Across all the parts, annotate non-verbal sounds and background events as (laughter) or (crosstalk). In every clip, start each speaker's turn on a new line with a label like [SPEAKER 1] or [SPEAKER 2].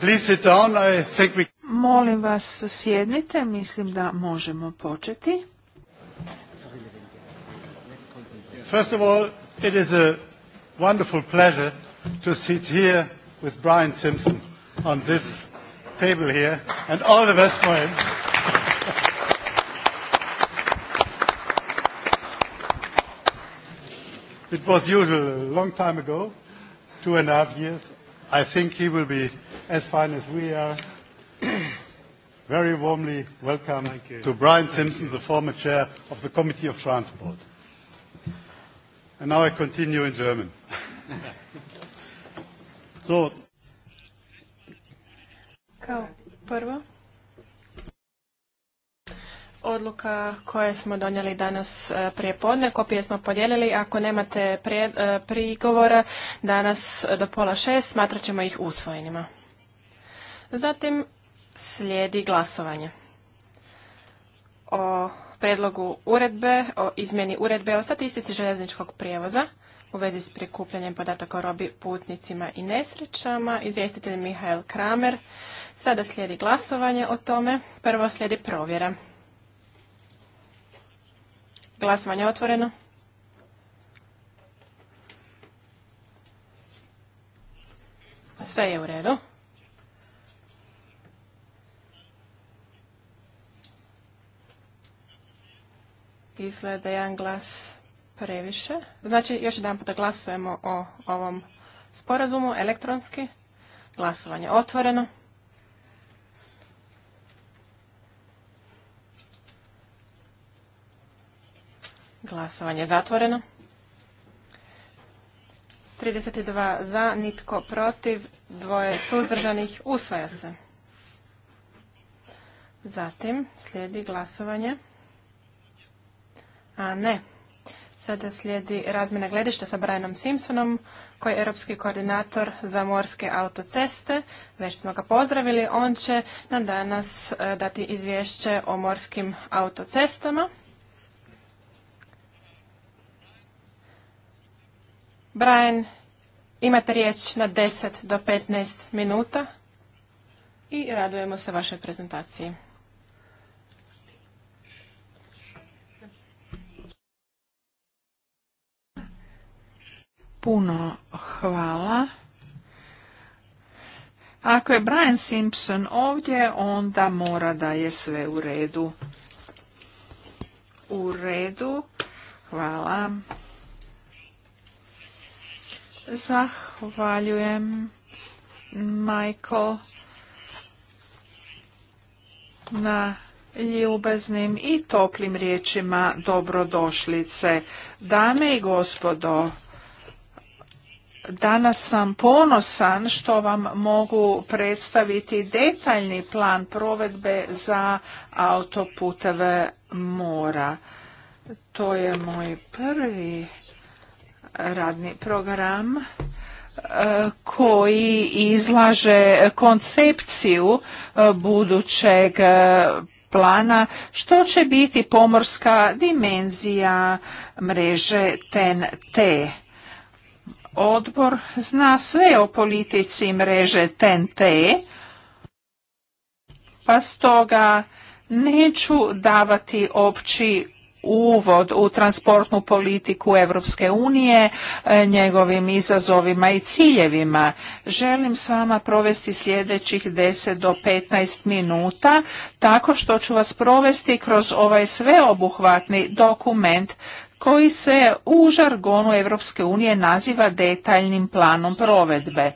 [SPEAKER 1] Please sit down.
[SPEAKER 2] Molim vas sjednite, mislim da možemo
[SPEAKER 1] početi. First of all, it is a wonderful pleasure to sit here with Brian Simpson on this table here and all the best for him. It was usual a long time ago, two and a half years. I think he will be as fine as we are. (clears throat) Very warmly welcome to Brian Simpson, the former chair of the Committee of Transport. And now I continue in German. (laughs) so.
[SPEAKER 3] Kao prvo, odluka koje smo donijeli danas e, prije podne. Kopije smo podijelili. Ako nemate e, prigovora danas do pola šest, smatrat ćemo ih usvojenima. Zatim slijedi glasovanje o predlogu uredbe o izmjeni uredbe o statistici željezničkog prijevoza u vezi s prikupljanjem podataka o robi putnicima i nesrećama. Izvjestitelj Mihael Kramer. Sada slijedi glasovanje o tome. Prvo slijedi provjera. Glasovanje otvoreno. Sve je u redu. izgleda jedan glas previše. Znači, još jedan puta glasujemo o ovom sporazumu elektronski. Glasovanje otvoreno. Glasovanje zatvoreno. 32 za, nitko protiv, dvoje suzdržanih, usvaja se. Zatim slijedi glasovanje. A ne. Sada slijedi razmjena gledišta sa Brianom Simpsonom, koji je europski koordinator za morske autoceste. Već smo ga pozdravili. On će nam danas e, dati izvješće o morskim autocestama. Brian, imate riječ na 10 do 15 minuta i radujemo se vašoj prezentaciji.
[SPEAKER 2] Puno hvala. Ako je Brian Simpson ovdje, onda mora da je sve u redu. U redu. Hvala. Zahvaljujem, Michael, na ljubaznim i toplim riječima dobrodošlice. Dame i gospodo, Danas sam ponosan što vam mogu predstaviti detaljni plan provedbe za autoputeve mora. To je moj prvi radni program e, koji izlaže koncepciju e, budućeg e, plana što će biti pomorska dimenzija mreže TEN-T odbor zna sve o politici mreže TNT, pa stoga neću davati opći uvod u transportnu politiku Europske unije, e, njegovim izazovima i ciljevima. Želim s vama provesti sljedećih 10 do 15 minuta, tako što ću vas provesti kroz ovaj sveobuhvatni dokument koji se u žargonu Europske unije naziva detaljnim planom provedbe.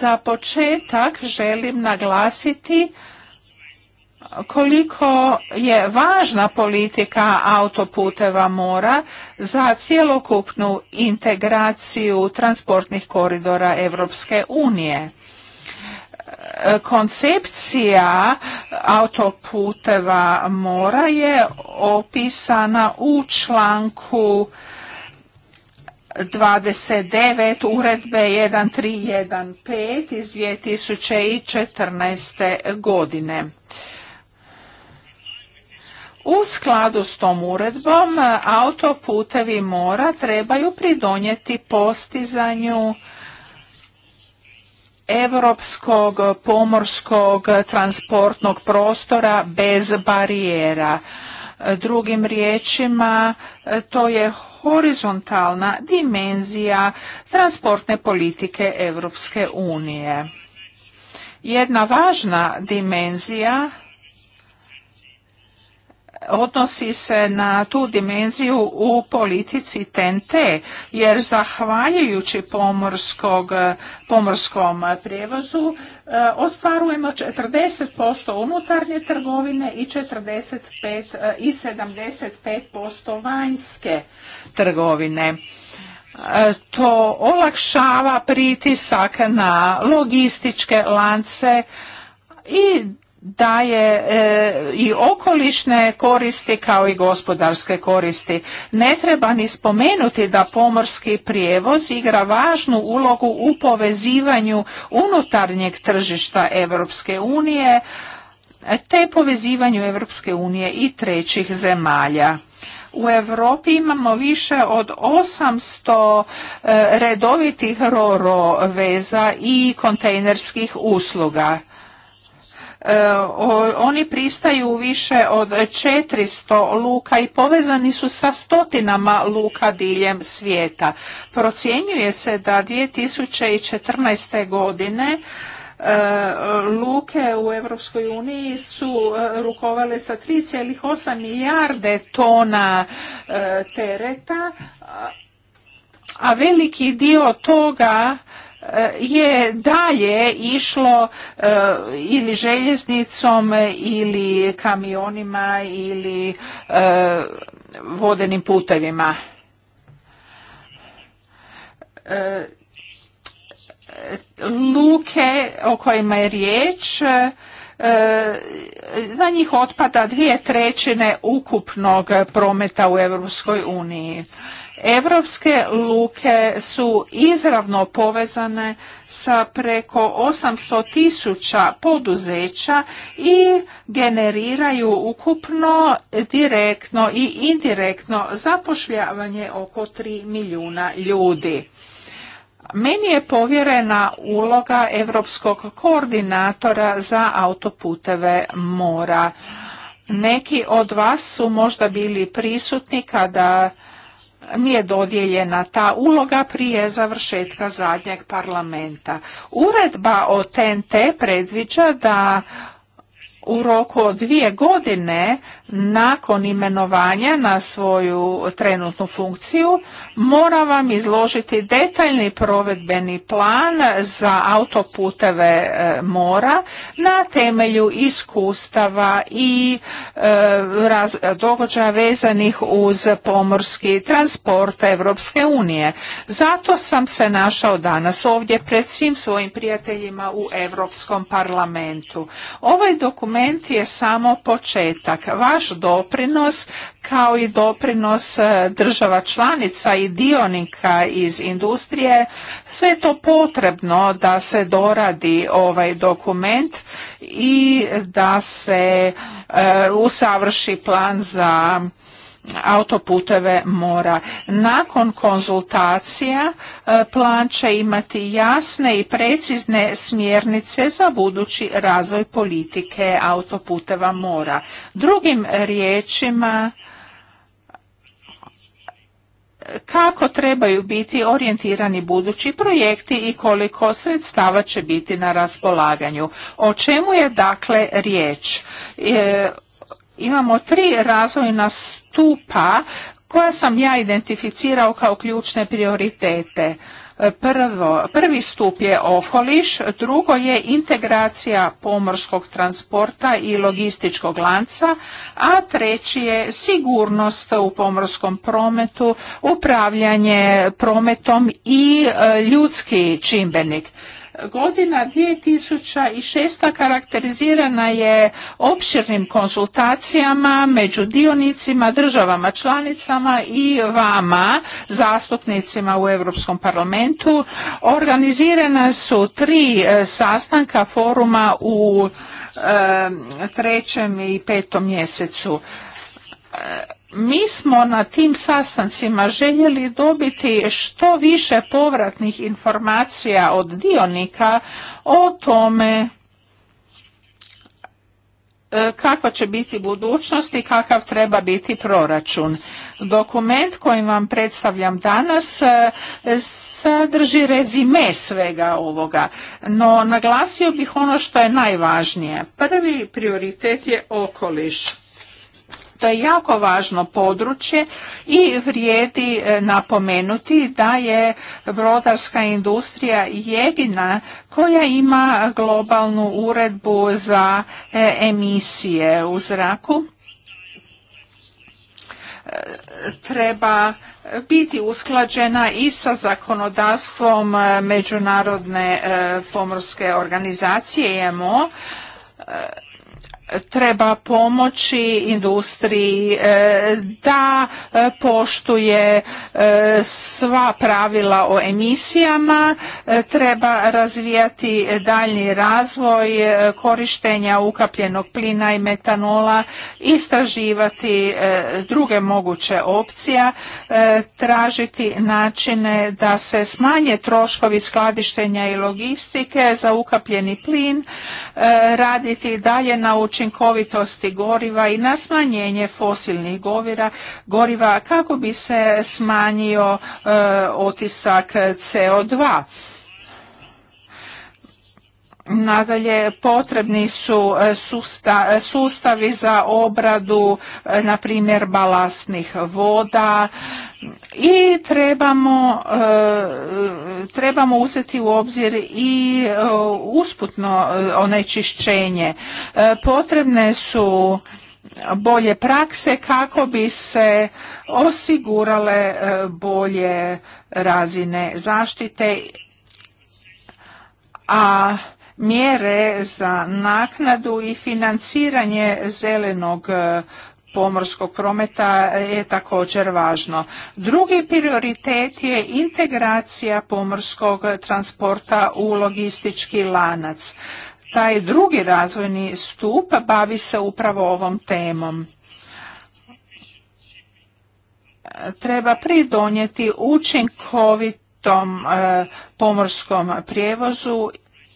[SPEAKER 2] Za početak želim naglasiti koliko je važna politika autoputeva mora za cjelokupnu integraciju transportnih koridora Europske unije. Koncepcija autoputeva mora je opisana u članku 29 uredbe 1315 iz 2014. godine. U skladu s tom uredbom autoputevi mora trebaju pridonijeti postizanju europskog pomorskog transportnog prostora bez barijera. Drugim riječima, to je horizontalna dimenzija transportne politike Europske unije. Jedna važna dimenzija odnosi se na tu dimenziju u politici TNT, jer zahvaljujući pomorskog, pomorskom prijevozu e, ostvarujemo 40% unutarnje trgovine i 45 e, i 75% vanjske trgovine e, to olakšava pritisak na logističke lance i daje je e, i okolišne koristi kao i gospodarske koristi. Ne treba ni spomenuti da pomorski prijevoz igra važnu ulogu u povezivanju unutarnjeg tržišta Europske unije te povezivanju Europske unije i trećih zemalja. U Europi imamo više od 800 e, redovitih roro veza i kontejnerskih usluga. E, oni pristaju više od 400 luka i povezani su sa stotinama luka diljem svijeta. Procjenjuje se da 2014. godine e, luke u Europskoj uniji su e, rukovale sa 3,8 milijarde tona tereta, a veliki dio toga E, je dalje išlo e, ili željeznicom ili kamionima ili e, vodenim putevima. Luke o kojima je riječ, na njih otpada dvije trećine ukupnog prometa u Europskoj uniji. Europske luke su izravno povezane sa preko 800 tisuća poduzeća i generiraju ukupno direktno i indirektno zapošljavanje oko 3 milijuna ljudi. Meni je povjerena uloga europskog koordinatora za autoputeve mora. Neki od vas su možda bili prisutni kada nije dodijeljena ta uloga prije završetka zadnjeg parlamenta. Uredba o TNT predviđa da u roku od dvije godine nakon imenovanja na svoju trenutnu funkciju mora vam izložiti detaljni provedbeni plan za autoputeve e, mora na temelju iskustava i e, događaja vezanih uz pomorski transport Europske unije. Zato sam se našao danas ovdje pred svim svojim prijateljima u Europskom parlamentu. Ovaj dokument je samo početak naš doprinos kao i doprinos e, država članica i dionika iz industrije. Sve je to potrebno da se doradi ovaj dokument i da se e, usavrši plan za autoputeve mora. Nakon konzultacija e, plan će imati jasne i precizne smjernice za budući razvoj politike autoputeva mora. Drugim riječima kako trebaju biti orijentirani budući projekti i koliko sredstava će biti na raspolaganju. O čemu je dakle riječ? E, imamo tri razvojna stupa koja sam ja identificirao kao ključne prioritete. Prvo, prvi stup je okoliš, drugo je integracija pomorskog transporta i logističkog lanca, a treći je sigurnost u pomorskom prometu, upravljanje prometom i e, ljudski čimbenik. Godina 2006. karakterizirana je opširnim konsultacijama među dionicima, državama članicama i vama, zastupnicima u Europskom parlamentu. Organizirana su tri e, sastanka foruma u e, trećem i petom mjesecu e, mi smo na tim sastancima željeli dobiti što više povratnih informacija od dionika o tome e, kakva će biti budućnost i kakav treba biti proračun. Dokument koji vam predstavljam danas e, sadrži rezime svega ovoga, no naglasio bih ono što je najvažnije. Prvi prioritet je okoliš to je jako važno područje i vrijedi e, napomenuti da je brodarska industrija jedina koja ima globalnu uredbu za e, emisije u zraku e, treba biti usklađena i sa zakonodavstvom Međunarodne pomorske organizacije IMO treba pomoći industriji e, da e, poštuje e, sva pravila o emisijama, treba razvijati dalji razvoj korištenja ukapljenog plina i metanola, istraživati druge moguće opcije, tražiti načine da se smanje troškovi skladištenja i logistike za ukapljeni plin, raditi dalje na učinkovitosti goriva i na smanjenje fosilnih govira, goriva kako bi se smanjio e, otisak CO2 Nadalje, potrebni su e, e, sustavi za obradu, e, na primjer, balastnih voda i trebamo, trebamo uzeti u obzir i usputno onečišćenje. Potrebne su bolje prakse kako bi se osigurale bolje razine zaštite a mjere za naknadu i financiranje zelenog e, pomorskog prometa je također važno. Drugi prioritet je integracija pomorskog transporta u logistički lanac. Taj drugi razvojni stup bavi se upravo ovom temom treba pridonijeti učinkovitom e, pomorskom prijevozu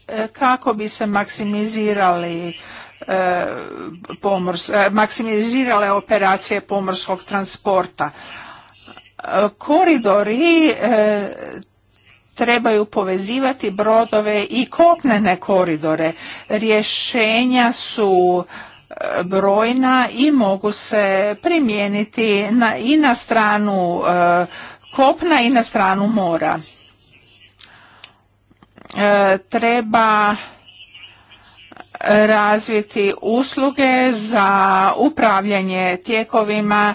[SPEAKER 2] E, kako bi se maksimizirali e, pomors, e, maksimizirale operacije pomorskog transporta. Koridori trebaju povezivati brodove i kopnene koridore. Rješenja su brojna i mogu se primijeniti na, i na stranu kopna i na stranu mora. E, treba razviti usluge za upravljanje tijekovima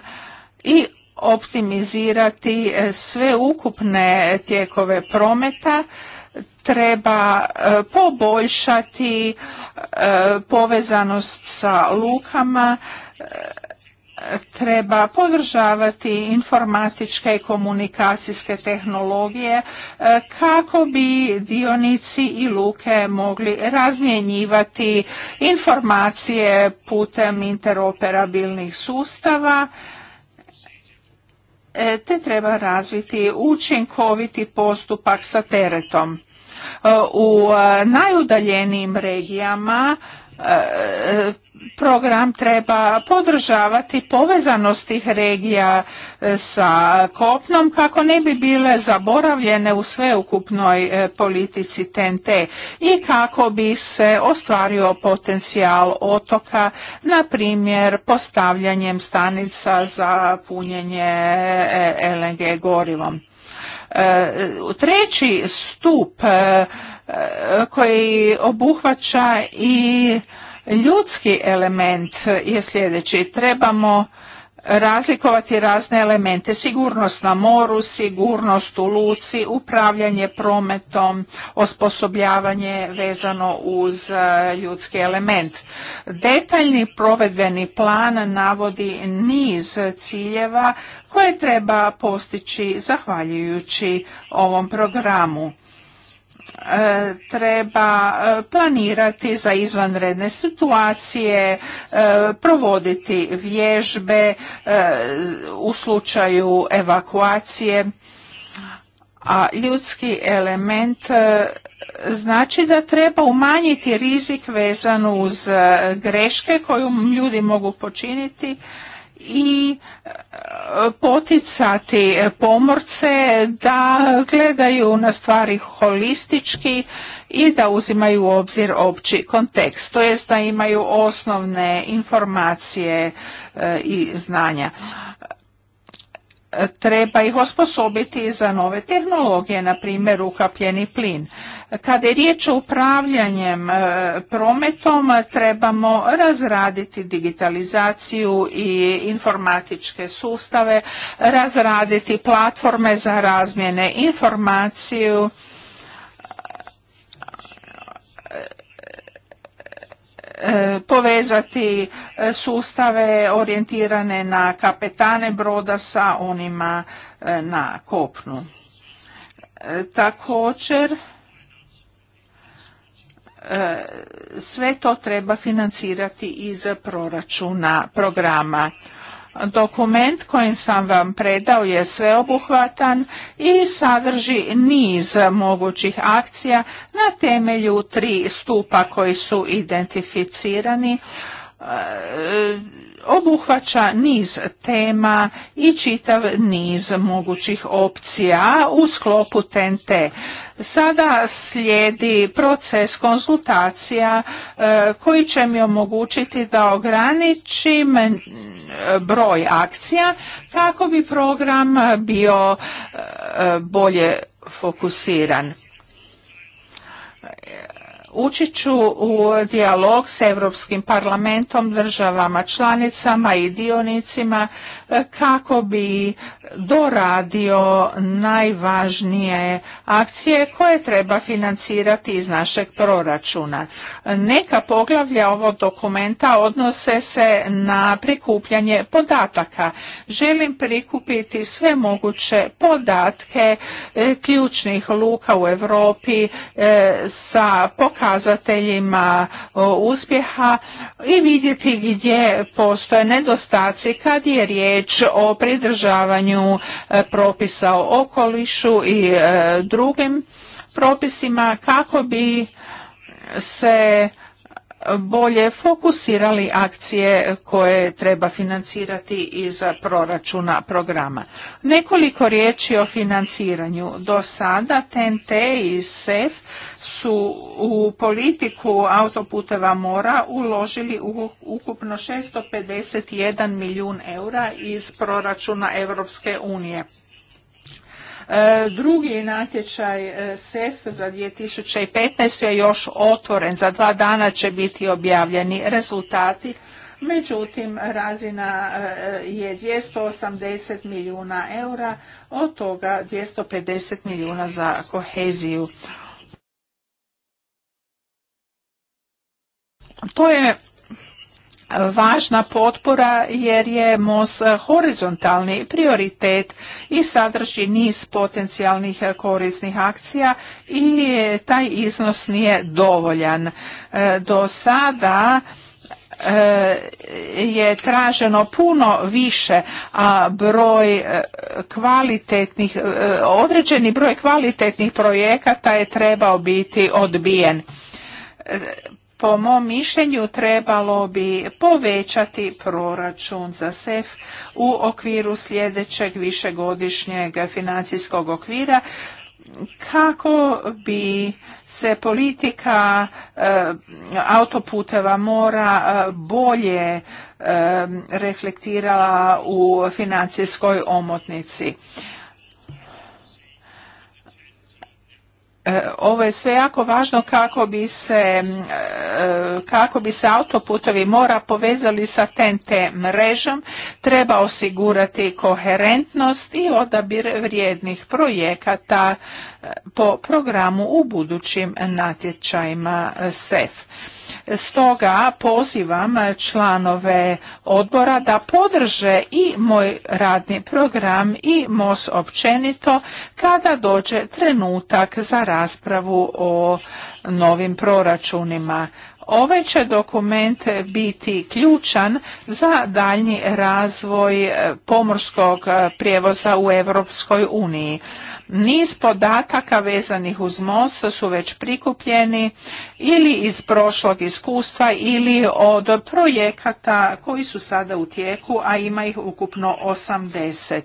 [SPEAKER 2] i optimizirati e, sve ukupne tijekove prometa treba e, poboljšati povezanost sa lukama treba podržavati informatičke i komunikacijske tehnologije e, kako bi dionici i luke mogli razmjenjivati informacije putem interoperabilnih sustava e, te treba razviti učinkoviti postupak sa teretom. E, u najudaljenijim regijama program treba podržavati povezanost tih regija e, sa kopnom kako ne bi bile zaboravljene u sveukupnoj e, politici TNT i kako bi se ostvario potencijal otoka, na primjer postavljanjem stanica za punjenje e, LNG gorivom. Treći stup koji obuhvaća i Ljudski element je sljedeći. Trebamo razlikovati razne elemente, sigurnost na moru, sigurnost u luci, upravljanje prometom, osposobljavanje vezano uz e, ljudski element. Detaljni provedbeni plan navodi niz ciljeva koje treba postići zahvaljujući ovom programu. E, treba e, planirati za izvanredne situacije, e, provoditi vježbe u slučaju evakuacije, a ljudski element znači da treba umanjiti rizik vezan uz greške koju ljudi mogu počiniti i e, poticati pomorce da gledaju na stvari holistički i da uzimaju u obzir opći kontekst, to jest da imaju osnovne informacije e, i znanja. Treba ih osposobiti za nove tehnologije, na primjer ukapljeni plin kada je riječ o upravljanjem e, prometom, trebamo razraditi digitalizaciju i informatičke sustave, razraditi platforme za razmjene informaciju, e, povezati sustave orijentirane na kapetane broda sa onima e, na kopnu. Također E, sve to treba financirati iz proračuna programa. Dokument kojim sam vam predao je sveobuhvatan i sadrži niz mogućih akcija na temelju tri stupa koji su identificirani e, obuhvaća niz tema i čitav niz mogućih opcija u sklopu TNT. Sada slijedi proces konzultacija e, koji će mi omogućiti da ograničim e, broj akcija kako bi program bio e, bolje fokusiran. Ući ću u dijalog s Europskim parlamentom, državama članicama i dionicima kako bi doradio najvažnije akcije koje treba financirati iz našeg proračuna. Neka poglavlja ovog dokumenta odnose se na prikupljanje podataka. Želim prikupiti sve moguće podatke e, ključnih luka u Europi e, sa pokazateljima e, uspjeha i vidjeti gdje postoje nedostaci kad je riječ riječ o pridržavanju e, propisa o okolišu i e, drugim propisima kako bi se bolje fokusirali akcije koje treba financirati iz proračuna programa. Nekoliko riječi o financiranju. Do sada TNT i SEF su u politiku autoputeva mora uložili ukupno 651 milijun eura iz proračuna Europske unije. E, drugi natječaj e, SEF za 2015. je još otvoren. Za dva dana će biti objavljeni rezultati. Međutim, razina e, je 280 milijuna eura, od toga 250 milijuna za koheziju. To je važna potpora jer je MOS horizontalni prioritet i sadrži niz potencijalnih korisnih akcija i taj iznos nije dovoljan. E, do sada e, je traženo puno više, a broj e, kvalitetnih, određeni broj kvalitetnih projekata je trebao biti odbijen po mom mišljenju trebalo bi povećati proračun za SEF u okviru sljedećeg višegodišnjeg financijskog okvira kako bi se politika e, autoputeva mora eh, bolje eh, reflektirala u financijskoj omotnici. E, ovo je sve jako važno kako bi se, e, kako bi se autoputovi mora povezali sa TNT mrežom, treba osigurati koherentnost i odabir vrijednih projekata e, po programu u budućim natječajima SEF. Stoga pozivam članove odbora da podrže i moj radni program i MOS općenito kada dođe trenutak za raspravu o novim proračunima. Ovaj će dokument biti ključan za daljnji razvoj pomorskog prijevoza u Europskoj uniji. Niz podataka vezanih uz most su već prikupljeni ili iz prošlog iskustva ili od projekata koji su sada u tijeku, a ima ih ukupno 80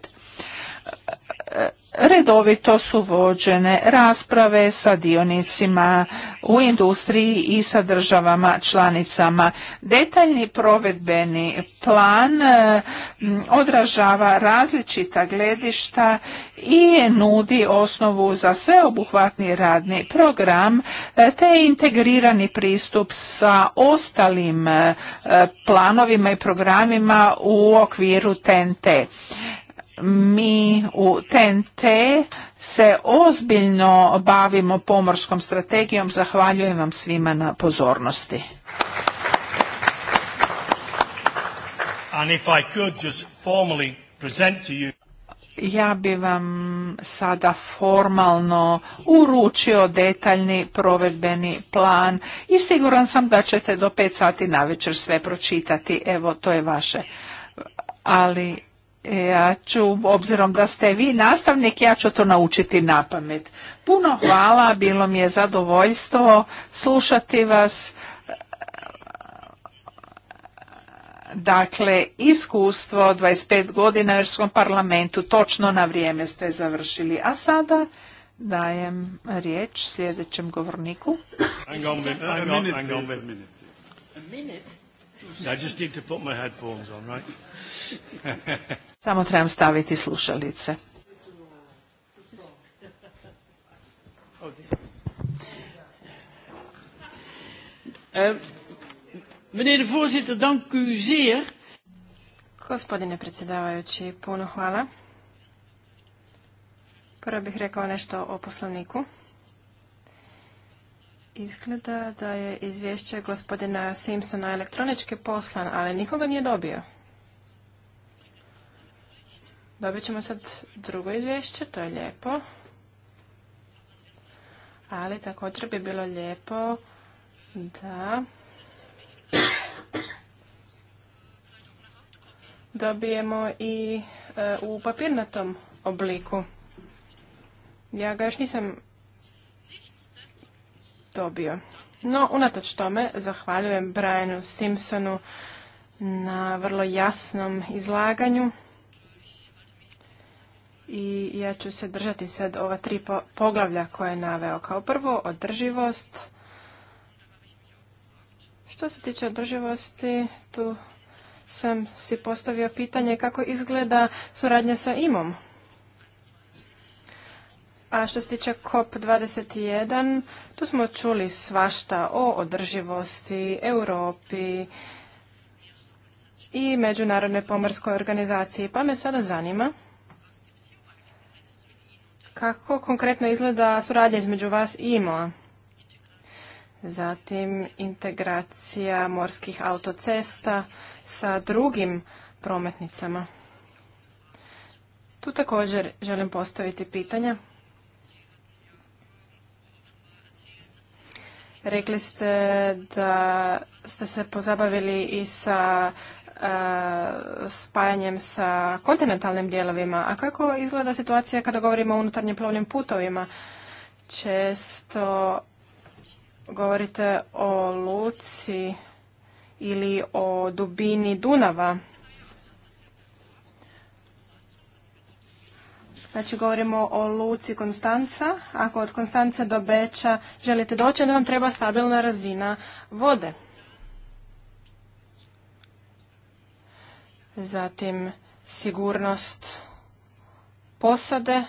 [SPEAKER 2] redovito su vođene rasprave sa dionicima u industriji i sa državama članicama. Detaljni provedbeni plan e, odražava različita gledišta i nudi osnovu za sveobuhvatni radni program e, te integrirani pristup sa ostalim e, planovima i programima u okviru TNT mi u TNT se ozbiljno bavimo pomorskom strategijom. Zahvaljujem vam svima na pozornosti. And Ja bi vam sada formalno uručio detaljni provedbeni plan i siguran sam da ćete do 5 sati na večer sve pročitati. Evo, to je vaše. Ali E, ja ću, obzirom da ste vi nastavnik, ja ću to naučiti na pamet. Puno hvala, bilo mi je zadovoljstvo slušati vas. Dakle, iskustvo 25 godina u Europskom parlamentu, točno na vrijeme ste završili. A sada dajem riječ sljedećem govorniku.
[SPEAKER 1] I just need to put my headphones on, right? (laughs)
[SPEAKER 2] Samo trebam staviti slušalice.
[SPEAKER 1] Eh,
[SPEAKER 3] meneer de voorzitter, dank u zeer. Gospodine predsjedavajući, puno hvala. Prvo bih rekao nešto o poslovniku. Izgleda da je izvješće gospodina Simpsona elektronički poslan, ali nikoga nije dobio. Dobit ćemo sad drugo izvješće, to je lijepo. Ali također bi bilo lijepo da dobijemo i e, u papirnatom obliku. Ja ga još nisam dobio. No, unatoč tome, zahvaljujem Brianu Simpsonu na vrlo jasnom izlaganju i ja ću se držati sad ova tri poglavlja koje je naveo. Kao prvo, održivost. Što se tiče održivosti, tu sam si postavio pitanje kako izgleda suradnja sa imom. A što se tiče COP21, tu smo čuli svašta o održivosti, Europi i Međunarodnoj pomorskoj organizaciji. Pa me sada zanima kako konkretno izgleda suradnja između vas i IMO-a? Zatim integracija morskih autocesta sa drugim prometnicama. Tu također želim postaviti pitanja. Rekli ste da ste se pozabavili i sa E, spajanjem sa kontinentalnim dijelovima. A kako izgleda situacija kada govorimo o unutarnjim plovnim putovima? Često govorite o luci ili o dubini Dunava. Znači govorimo o luci Konstanca. Ako od Konstance do Beča želite doći, onda vam treba stabilna razina vode. zatim sigurnost posade.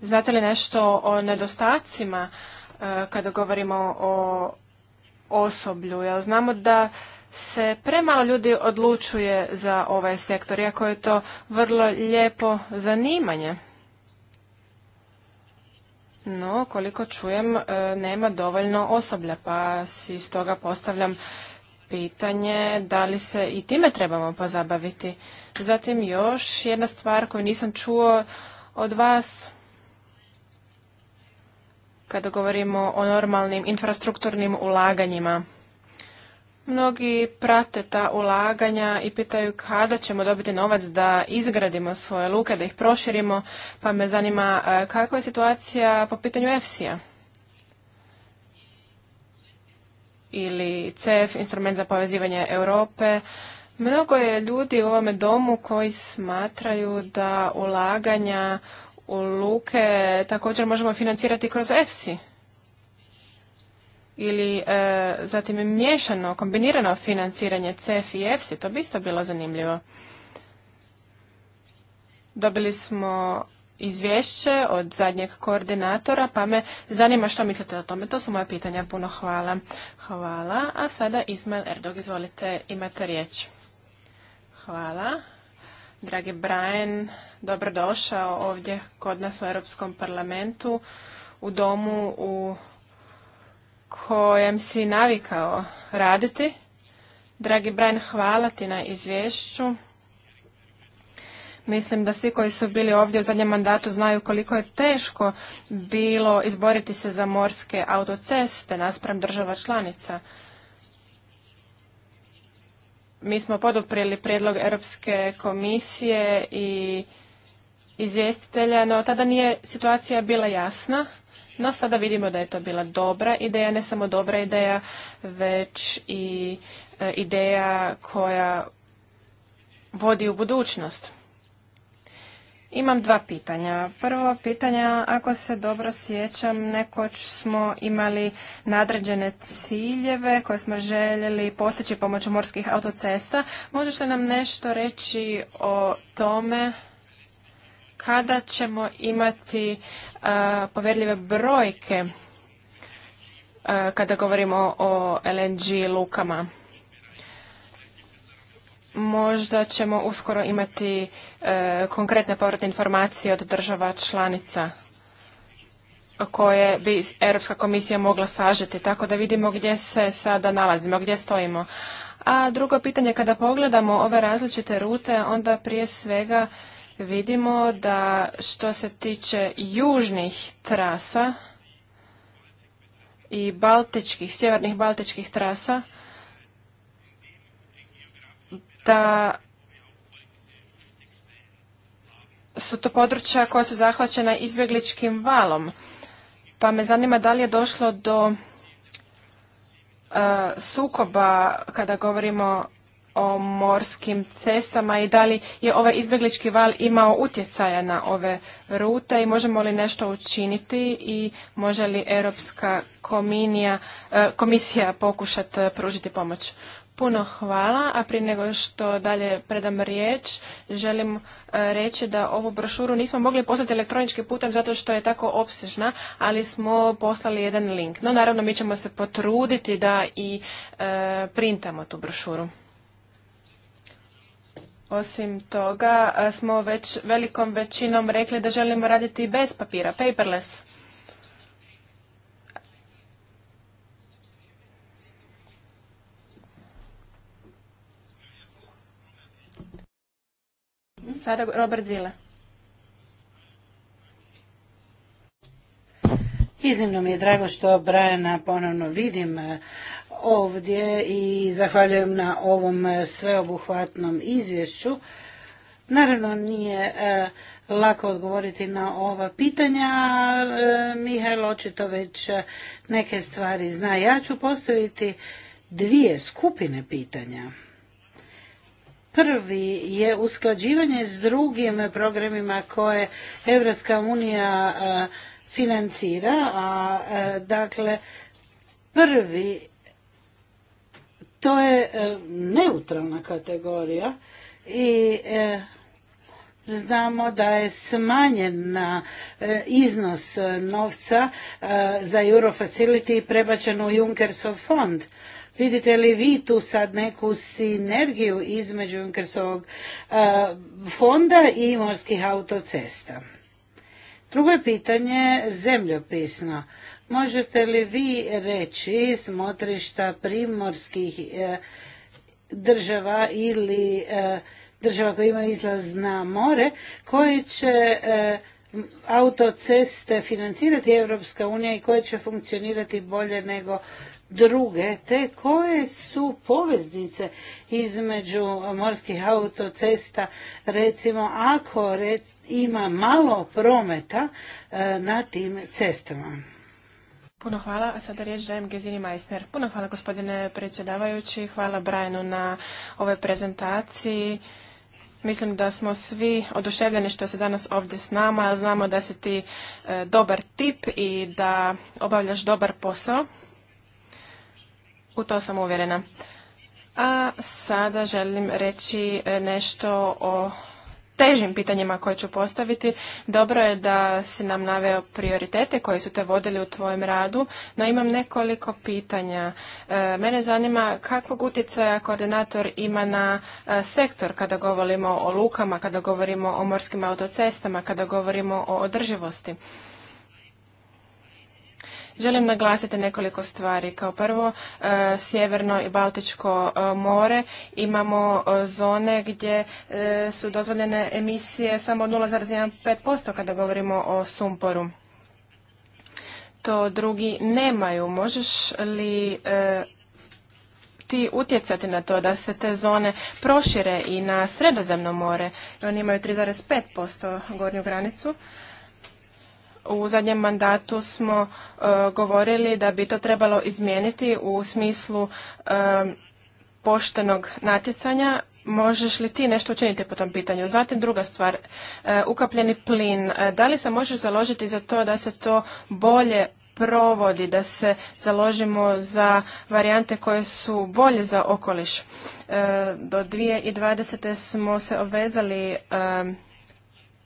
[SPEAKER 3] Znate li nešto o nedostacima e, kada govorimo o osoblju? Jel znamo da se premalo ljudi odlučuje za ovaj sektor, iako je to vrlo lijepo zanimanje. No, koliko čujem, e, nema dovoljno osoblja, pa si toga postavljam pitanje da li se i time trebamo pozabaviti. Zatim još jedna stvar koju nisam čuo od vas kada govorimo o normalnim infrastrukturnim ulaganjima. Mnogi prate ta ulaganja i pitaju kada ćemo dobiti novac da izgradimo svoje luke, da ih proširimo, pa me zanima eh, kakva je situacija po pitanju EFSI-a. ili CEF, instrument za povezivanje Europe. Mnogo je ljudi u ovome domu koji smatraju da ulaganja u luke također možemo financirati kroz EFSI ili e, zatim miješano, kombinirano financiranje CEF i EFSI, to bi isto bilo zanimljivo. Dobili smo izvješće od zadnjeg koordinatora, pa me zanima što mislite o tome. To su moja pitanja. Puno hvala. Hvala. A sada Ismail Erdog, izvolite, imate riječ. Hvala. Dragi Brian, dobrodošao ovdje kod nas u Europskom parlamentu, u domu u kojem si navikao raditi. Dragi Brian, hvala ti na izvješću. Mislim da svi koji su bili ovdje u zadnjem mandatu znaju koliko je teško bilo izboriti se za morske autoceste naspram država članica. Mi smo poduprili prijedlog Europske komisije i izvjestitelja, no tada nije situacija bila jasna. No sada vidimo da je to bila dobra ideja, ne samo dobra ideja, već i e, ideja koja vodi u budućnost. Imam dva pitanja. Prvo pitanja, ako se dobro sjećam, nekoć smo imali nadređene ciljeve koje smo željeli postići pomoću morskih autocesta. Možete nam nešto reći o tome kada ćemo imati e, povjerljive brojke e, kada govorimo o LNG lukama? možda ćemo uskoro imati e, konkretne povratne informacije od država članica koje bi Europska komisija mogla sažeti, tako da vidimo gdje se sada nalazimo, gdje stojimo. A drugo pitanje, kada pogledamo ove različite rute, onda prije svega vidimo da što se tiče južnih trasa i baltičkih, sjevernih baltičkih trasa, da su to područja koja su zahvaćena izbjegličkim valom. Pa me zanima da li je došlo do e, sukoba kada govorimo o morskim cestama i da li je ovaj izbjeglički val imao utjecaja na ove rute i možemo li nešto učiniti i može li Europska e, komisija pokušati pružiti pomoć. Puno hvala, a prije nego što dalje predam riječ, želim e, reći da ovu brošuru nismo mogli poslati elektronički putem zato što je tako opsežna, ali smo poslali jedan link. No naravno mi ćemo se potruditi da i e, printamo tu brošuru. Osim toga e, smo već velikom većinom rekli da želimo raditi bez papira, paperless. Sada Robert Zile.
[SPEAKER 4] Iznimno mi je drago što Brajana ponovno vidim eh, ovdje i zahvaljujem na ovom eh, sveobuhvatnom izvješću. Naravno nije eh, lako odgovoriti na ova pitanja. Mihajlo, očito već neke stvari zna. Ja ću postaviti dvije skupine pitanja. Prvi je usklađivanje s drugim programima koje Evropska unija e, financira, a e, dakle prvi to je e, neutralna kategorija i znamo da je smanjen na iznos novca za Eurofacility i prebačen u Junkersov fond. Vidite li vi tu sad neku sinergiju između Junkersovog e, fonda i morskih autocesta? Drugo je pitanje zemljopisno. Možete li vi reći motrišta primorskih e, država ili e, država koja ima izlaz na more, koje će autoceste financirati Evropska unija i koje će funkcionirati bolje nego druge, te koje su poveznice između morskih autocesta, recimo ako ima malo prometa e, na tim cestama.
[SPEAKER 3] Puno hvala, a sada riječ dajem Gezini Puno hvala gospodine predsjedavajući, hvala Brajanu na ovoj prezentaciji. Mislim da smo svi oduševljeni što se danas ovdje s nama. Znamo da si ti e, dobar tip i da obavljaš dobar posao. U to sam uvjerena. A sada želim reći e, nešto o težim pitanjima koje ću postaviti. Dobro je da si nam naveo prioritete koje su te vodili u tvojem radu, no imam nekoliko pitanja. E, mene zanima kakvog utjecaja koordinator ima na e, sektor kada govorimo o lukama, kada govorimo o morskim autocestama, kada govorimo o održivosti. Želim naglasiti nekoliko stvari. Kao prvo, e, Sjeverno i Baltičko e, more imamo e, zone gdje su dozvoljene emisije samo od posto kada govorimo o sumporu to drugi nemaju. Možeš li ti utjecati na to da se te zone prošire i na sredozemno more? Oni imaju 3,5% gornju granicu u zadnjem mandatu smo e, govorili da bi to trebalo izmijeniti u smislu e, poštenog natjecanja. Možeš li ti nešto učiniti po tom pitanju? Zatim druga stvar, e, ukapljeni plin. Da li se možeš založiti za to da se to bolje provodi, da se založimo za varijante koje su bolje za okoliš? Do 2020. smo se obvezali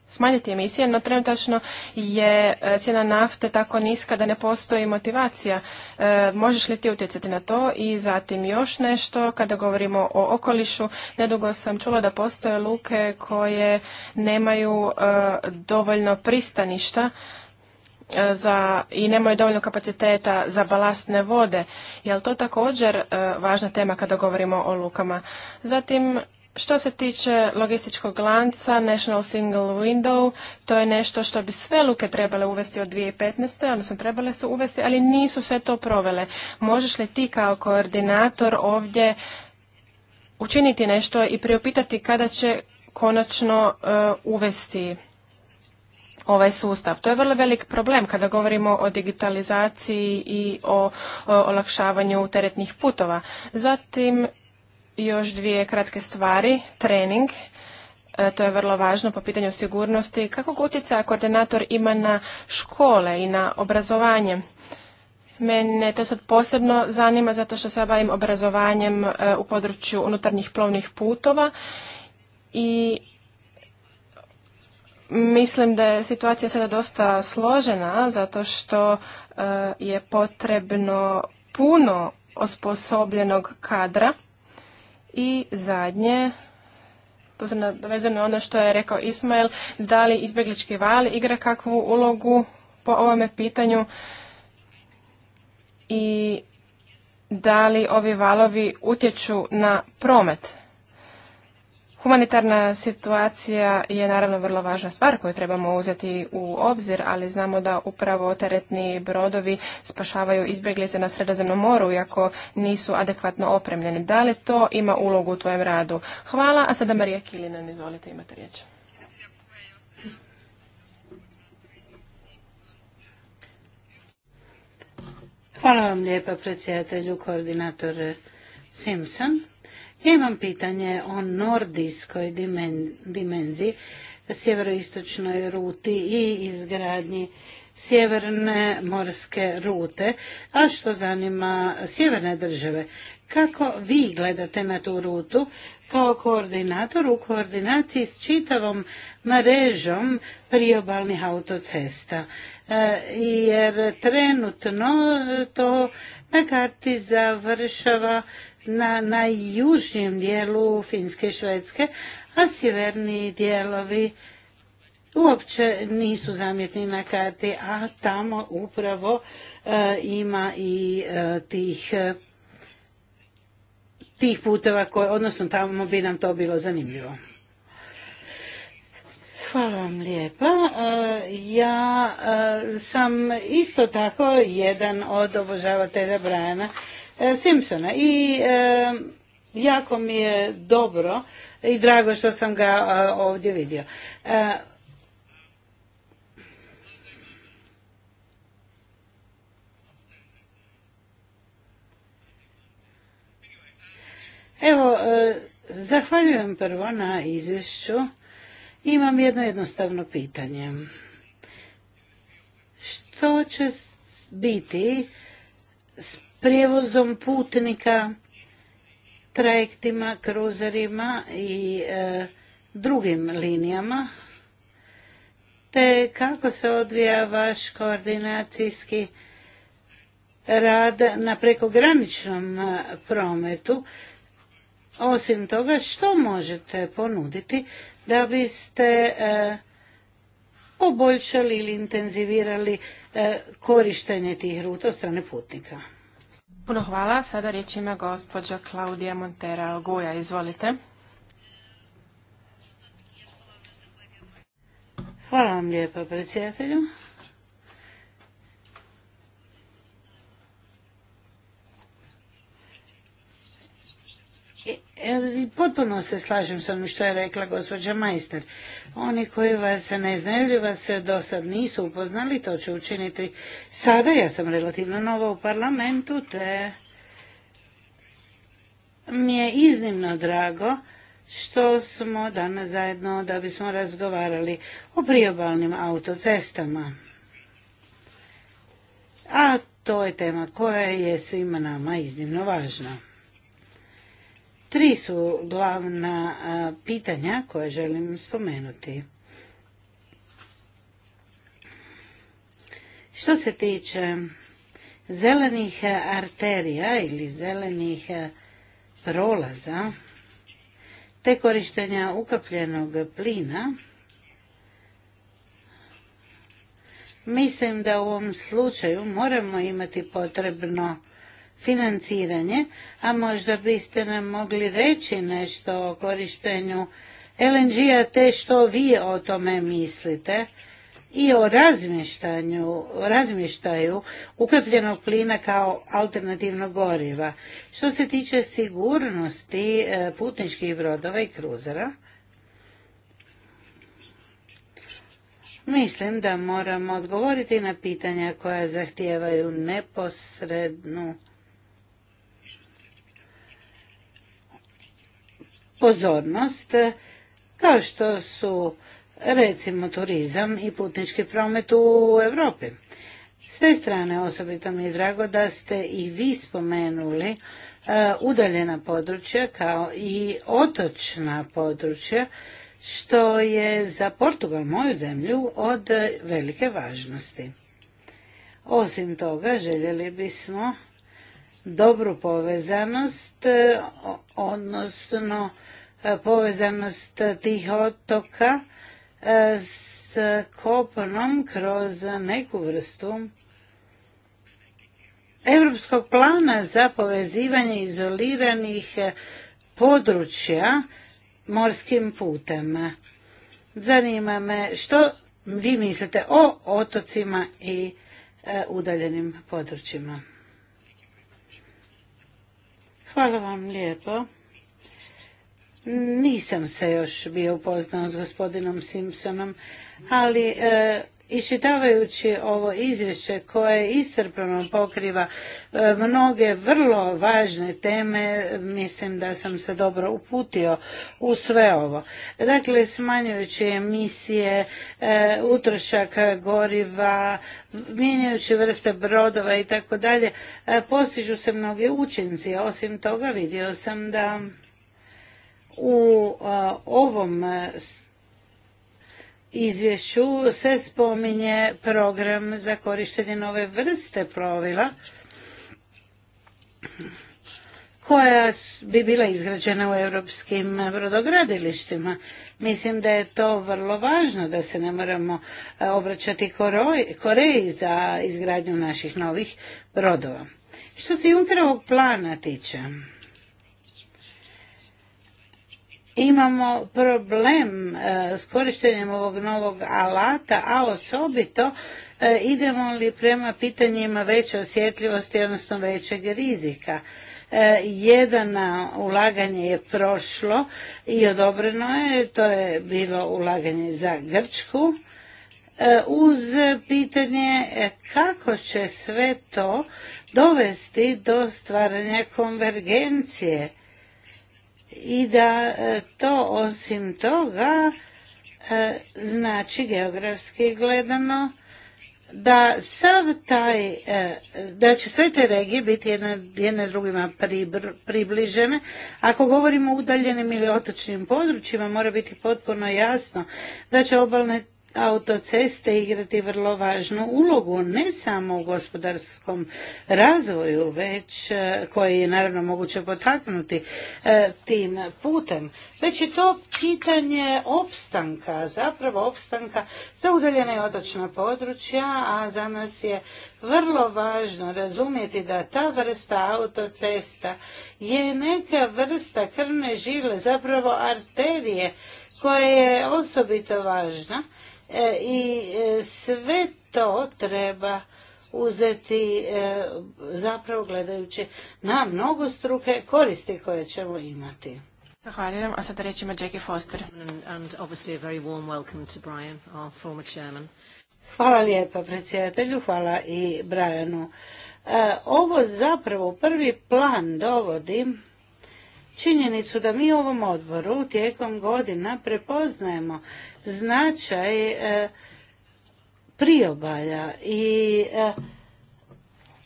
[SPEAKER 3] smanjiti emisije, no trenutačno je e, cijena nafte tako niska da ne postoji motivacija. E, možeš li ti utjecati na to? I zatim još nešto, kada govorimo o okolišu, nedugo sam čula da postoje luke koje nemaju e, dovoljno pristaništa za, i nemaju dovoljno kapaciteta za balastne vode. Je to također važna tema kada govorimo o lukama? Zatim, što se tiče logističkog lanca, National Single Window, to je nešto što bi sve luke trebale uvesti od 2015. odnosno trebale su uvesti, ali nisu sve to provele. Možeš li ti kao koordinator ovdje učiniti nešto i priopitati kada će konačno e, uvesti ovaj sustav. To je vrlo velik problem kada govorimo o digitalizaciji i o, o olakšavanju teretnih putova. Zatim još dvije kratke stvari. Trening. E, to je vrlo važno po pitanju sigurnosti. Kakvog utjecaja koordinator ima na škole i na obrazovanje? Mene to sad posebno zanima zato što se bavim obrazovanjem e, u području unutarnjih plovnih putova i Mislim da je situacija sada dosta složena zato što e, je potrebno puno osposobljenog kadra i zadnje, to se na ono što je rekao Ismail, da li izbjeglički val igra kakvu ulogu po ovome pitanju i da li ovi valovi utječu na promet Humanitarna situacija je naravno vrlo važna stvar koju trebamo uzeti u obzir, ali znamo da upravo teretni brodovi spašavaju izbjeglice na Sredozemnom moru, iako nisu adekvatno opremljeni. Da li to ima ulogu u tvojem radu? Hvala, a sada Marija Kilinen,
[SPEAKER 4] izvolite, imate riječ. Hvala vam lijepa predsjedatelju koordinator Simpson imam pitanje o nordijskoj dimenziji, sjeveroistočnoj ruti i izgradnji sjeverne morske rute, a što zanima sjeverne države. Kako vi gledate na tu rutu kao koordinator u koordinaciji s čitavom mrežom priobalnih autocesta? E, jer trenutno to na karti završava na najjužnijem dijelu Finske i Švedske, a sjeverni dijelovi uopće nisu zamjetni na karti, a tamo upravo e, ima i e, tih e, tih puteva, koje, odnosno tamo bi nam to bilo zanimljivo. Hvala vam lijepa. Ja sam isto tako jedan od obožavatelja Brajana E, Simpsona i e, jako mi je dobro i drago što sam ga e, ovdje vidio. Evo, zahvaljujem prvo na izvješću. Imam jedno jednostavno pitanje. Što će biti s prijevozom putnika, trajektima, kruzerima i e, drugim linijama, te kako se odvija vaš koordinacijski rad na prekograničnom e, prometu. Osim toga, što možete ponuditi da biste e, poboljšali ili intenzivirali e, korištenje tih ruta od strane putnika? Puno hvala. Sada riječ
[SPEAKER 3] ima gospođa Klaudija Montera Alguja. Izvolite.
[SPEAKER 4] Hvala vam lijepa predsjedatelju. E, potpuno se slažem s onim što je rekla gospođa Majster. Oni koji vas ne znaju ili vas do sad nisu upoznali, to ću učiniti sada. Ja sam relativno nova u parlamentu, te mi je iznimno drago što smo danas zajedno da bismo razgovarali o priobalnim autocestama. A to je tema koja je svima nama iznimno važna. Tri su glavna pitanja koje želim spomenuti. Što se tiče zelenih arterija ili zelenih prolaza, te korištenja ukapljenog plina, mislim da u ovom slučaju moramo imati potrebno financiranje, a možda biste nam mogli reći nešto o korištenju LNG-a te što vi o tome mislite i o razmještanju, razmještaju ukapljenog plina kao alternativnog goriva. Što se tiče sigurnosti e, putničkih brodova i kruzera, Mislim da moramo odgovoriti na pitanja koja zahtijevaju neposrednu pozornost e, kao što su recimo turizam i putnički promet u Europi. S te strane osobito mi je drago da ste i vi spomenuli e, udaljena područja kao i otočna područja što je za Portugal, moju zemlju, od velike važnosti. Osim toga, željeli bismo dobru povezanost, e, odnosno povezanost tih otoka e, s kopnom kroz neku vrstu Europskog plana za povezivanje izoliranih područja morskim putem. Zanima me što vi mislite o otocima i e, udaljenim područjima. Hvala vam lijepo. Nisam se još bio upoznao s gospodinom Simpsonom, ali e, iščitavajući ovo izvješće koje iscrpno pokriva e, mnoge vrlo važne teme, mislim da sam se dobro uputio u sve ovo. Dakle, smanjujući emisije, e, utrošak goriva, mijenjajući vrste brodova i tako dalje, postižu se mnogi učinci. Osim toga vidio sam da u ovom e, izvješću se spominje program za korištenje nove vrste plovila koja bi bila izgrađena u europskim brodogradilištima. Mislim da je to vrlo važno da se ne moramo e, obraćati Koreji za izgradnju naših novih brodova. Što se Junkerovog plana tiče, imamo problem e, s korištenjem ovog novog alata, a osobito e, idemo li prema pitanjima veće osjetljivosti, odnosno većeg rizika. E, Jedan ulaganje je prošlo i odobreno je, to je bilo ulaganje za Grčku, uz pitanje kako će sve to dovesti do stvaranja konvergencije i da e, to osim toga e, znači geografski gledano da sav taj, e, da će sve te regije biti jedne, jedne drugima pribr, približene. Ako govorimo o udaljenim ili otočnim područjima, mora biti potpuno jasno da će obalne autoceste igrati vrlo važnu ulogu ne samo u gospodarskom razvoju već e, koje je naravno moguće potaknuti e, tim putem već je to pitanje opstanka zapravo opstanka za udaljena i otočna područja a za nas je vrlo važno razumjeti da ta vrsta autocesta je neka vrsta krvne žile zapravo arterije koja je osobito važna E, i e, sve to treba uzeti e, zapravo gledajući na mnogo struke koristi koje ćemo imati. Zahvaljujem, a sada reći ima Jackie Foster. Hvala lijepa predsjedatelju, hvala i Brianu. Ovo zapravo prvi plan dovodi činjenicu da mi u ovom odboru tijekom godina prepoznajemo značaj e, priobalja i e,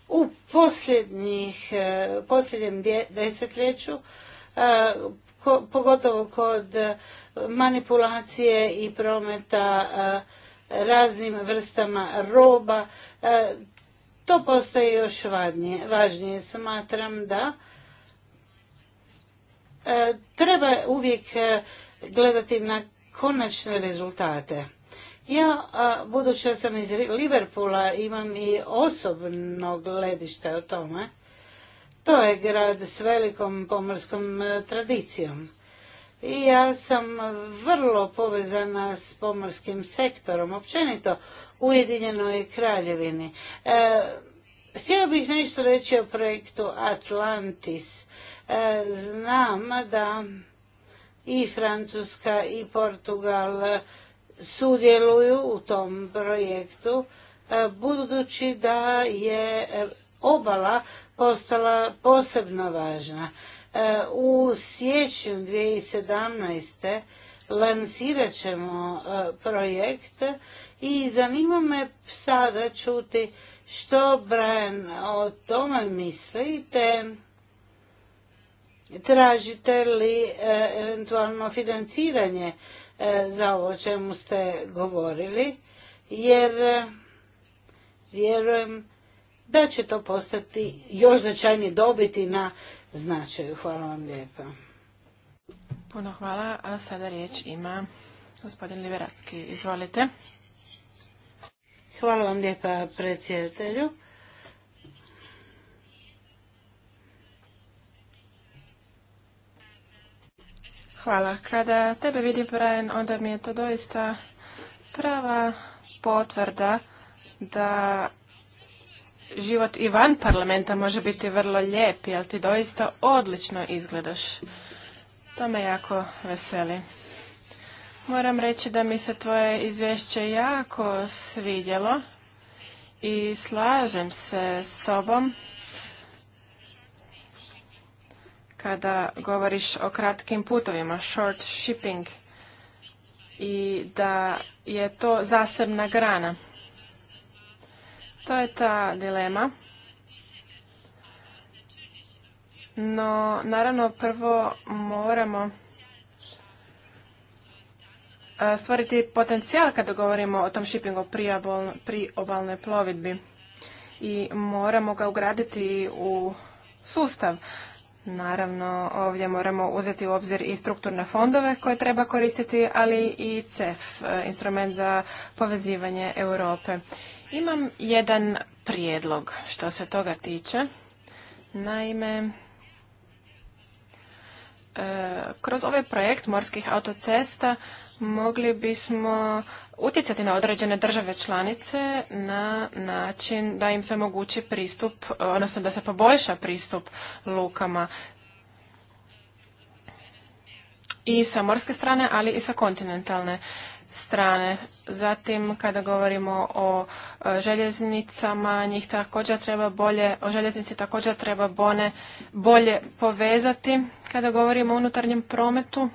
[SPEAKER 4] u posljednjih, e, posljednjem desetljeću, pogotovo kod manipulacije i prometa raznim vrstama roba, to postaje još važnije. Smatram da treba uvijek gledati na konačne rezultate. Ja, budući da sam iz Liverpoola, imam i osobno gledište o tome. To je grad s velikom pomorskom e, tradicijom. I ja sam vrlo povezana s pomorskim sektorom, općenito Ujedinjenoj kraljevini. E, htjela bih nešto reći o projektu Atlantis. E, znam da i Francuska i Portugal sudjeluju u tom projektu e, budući da je e, obala postala posebno važna. E, u siječnju 2017. lansirat ćemo projekt i zanima me sada čuti što Brian o tome mislite... te Tražite li e, eventualno financiranje e, za ovo o čemu ste govorili? Jer e, vjerujem da će to postati još značajnije dobiti na značaju. Hvala vam lijepa.
[SPEAKER 3] Puno hvala. A sada riječ ima
[SPEAKER 4] gospodin Liberacki. Izvolite. Hvala vam lijepa predsjedatelju.
[SPEAKER 3] Hvala. Kada tebe vidim, Brian, onda mi je to doista prava potvrda da život i van parlamenta može biti vrlo lijep, jer ti doista odlično izgledaš. To me jako veseli. Moram reći da mi se tvoje izvješće jako svidjelo i slažem se s tobom kada govoriš o kratkim putovima, short shipping, i da je to zasebna grana. To je ta dilema. No, naravno, prvo moramo stvoriti potencijal kada govorimo o tom shippingu pri obalnoj plovidbi i moramo ga ugraditi u sustav. Naravno, ovdje moramo uzeti u obzir i strukturne fondove koje treba koristiti, ali i CEF, e, instrument za povezivanje Europe. Imam jedan prijedlog što se toga tiče. Naime, e, kroz ovaj projekt morskih autocesta mogli bismo utjecati na određene države članice na način da im se omogući pristup, odnosno da se poboljša pristup lukama i sa morske strane, ali i sa kontinentalne strane. Zatim, kada govorimo o e, željeznicama, njih također treba bolje, o željeznici također treba bone, bolje povezati kada govorimo o unutarnjem prometu.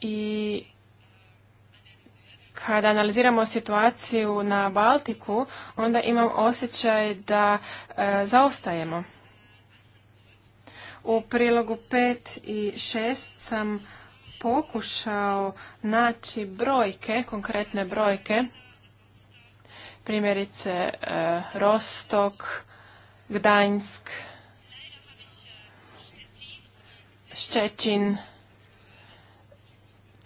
[SPEAKER 3] I kada analiziramo situaciju na Baltiku, onda imam osjećaj da e, zaostajemo. U prilogu 5 i 6 sam pokušao naći brojke, konkretne brojke, primjerice e, Rostok, Gdańsk, Ščećin,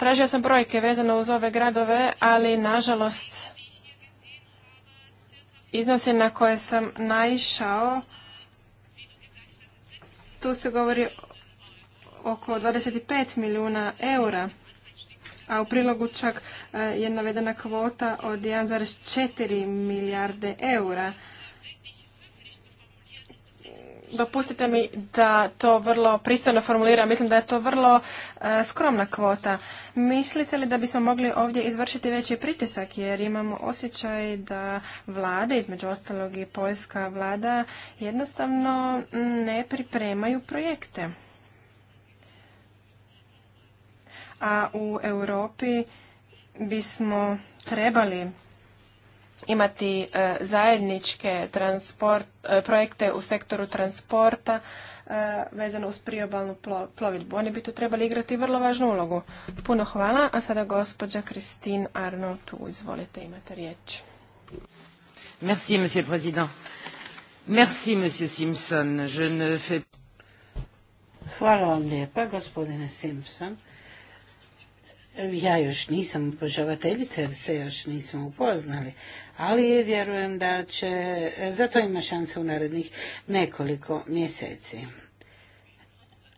[SPEAKER 3] Tražio sam brojke vezano uz ove gradove, ali nažalost iznose na koje sam naišao, tu se govori oko 25 milijuna eura, a u prilogu čak e, je navedena kvota od 1,4 milijarde eura dopustite mi da to vrlo pristojno formuliram, mislim da je to vrlo e, skromna kvota. Mislite li da bismo mogli ovdje izvršiti veći pritisak jer imamo osjećaj da vlade, između ostalog i poljska vlada, jednostavno ne pripremaju projekte. A u Europi bismo trebali imati e, zajedničke e, projekte u sektoru transporta e, vezano uz priobalnu plovidbu. Oni bi tu trebali igrati vrlo važnu ulogu. Puno hvala, a sada gospođa Kristin Arno tu, izvolite, imate riječ.
[SPEAKER 4] Merci, monsieur le président. Merci, monsieur Simpson. Je ne fais... Hvala vam lijepa, gospodine Simpson. Ja još nisam upožavateljica jer se još nismo upoznali, ali vjerujem da će, zato ima šanse u narednih nekoliko mjeseci.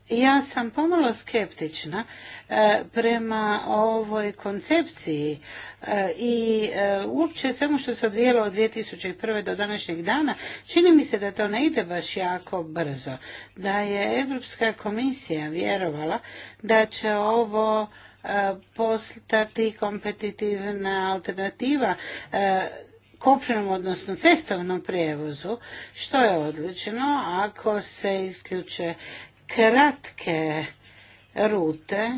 [SPEAKER 4] Ja sam pomalo skeptična e, prema ovoj koncepciji e, i e, uopće samo što se odvijelo od 2001. do današnjeg dana, čini mi se da to ne ide baš jako brzo. Da je Europska komisija vjerovala da će ovo postati kompetitivna alternativa kopnenom, odnosno cestovnom prijevozu, što je odlično ako se isključe kratke rute.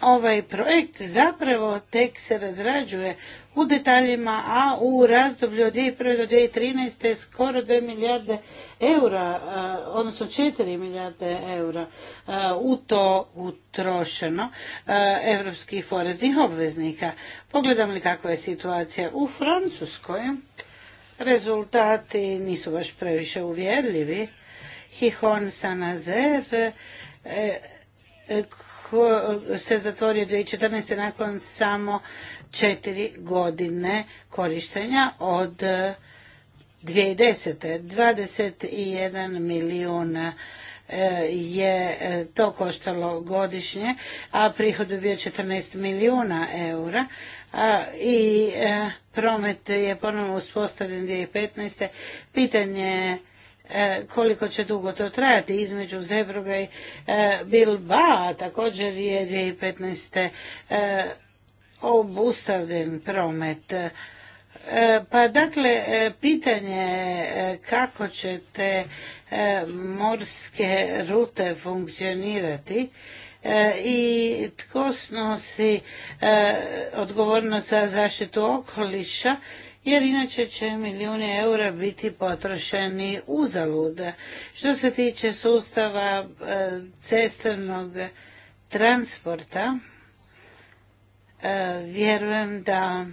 [SPEAKER 4] Ovaj projekt zapravo tek se razrađuje u detaljima, a u razdoblju od 2001. do 2013. skoro 2 milijarde eura, odnosno 4 milijarde eura u to utrošeno evropskih poreznih obveznika. Pogledamo li kakva je situacija u Francuskoj, rezultati nisu baš previše uvjerljivi. Hihon Sanazer e, e, se zatvorio 2014. nakon samo četiri godine korištenja od 2010. 21 milijuna je e, to koštalo godišnje, a prihod je bio 14 milijuna eura i e, promet je ponovno uspostavljen 2015. Pitanje je e, koliko će dugo to trajati između Zebruga i Bilba, a također je 2015 obustavljen promet. E, pa dakle, e, pitanje e, kako će te morske rute funkcionirati i tko snosi odgovornost za zaštitu okoliša, jer inače će milijune eura biti potrošeni uzalud. Što se tiče sustava cestovnog transporta, E, vjerujem da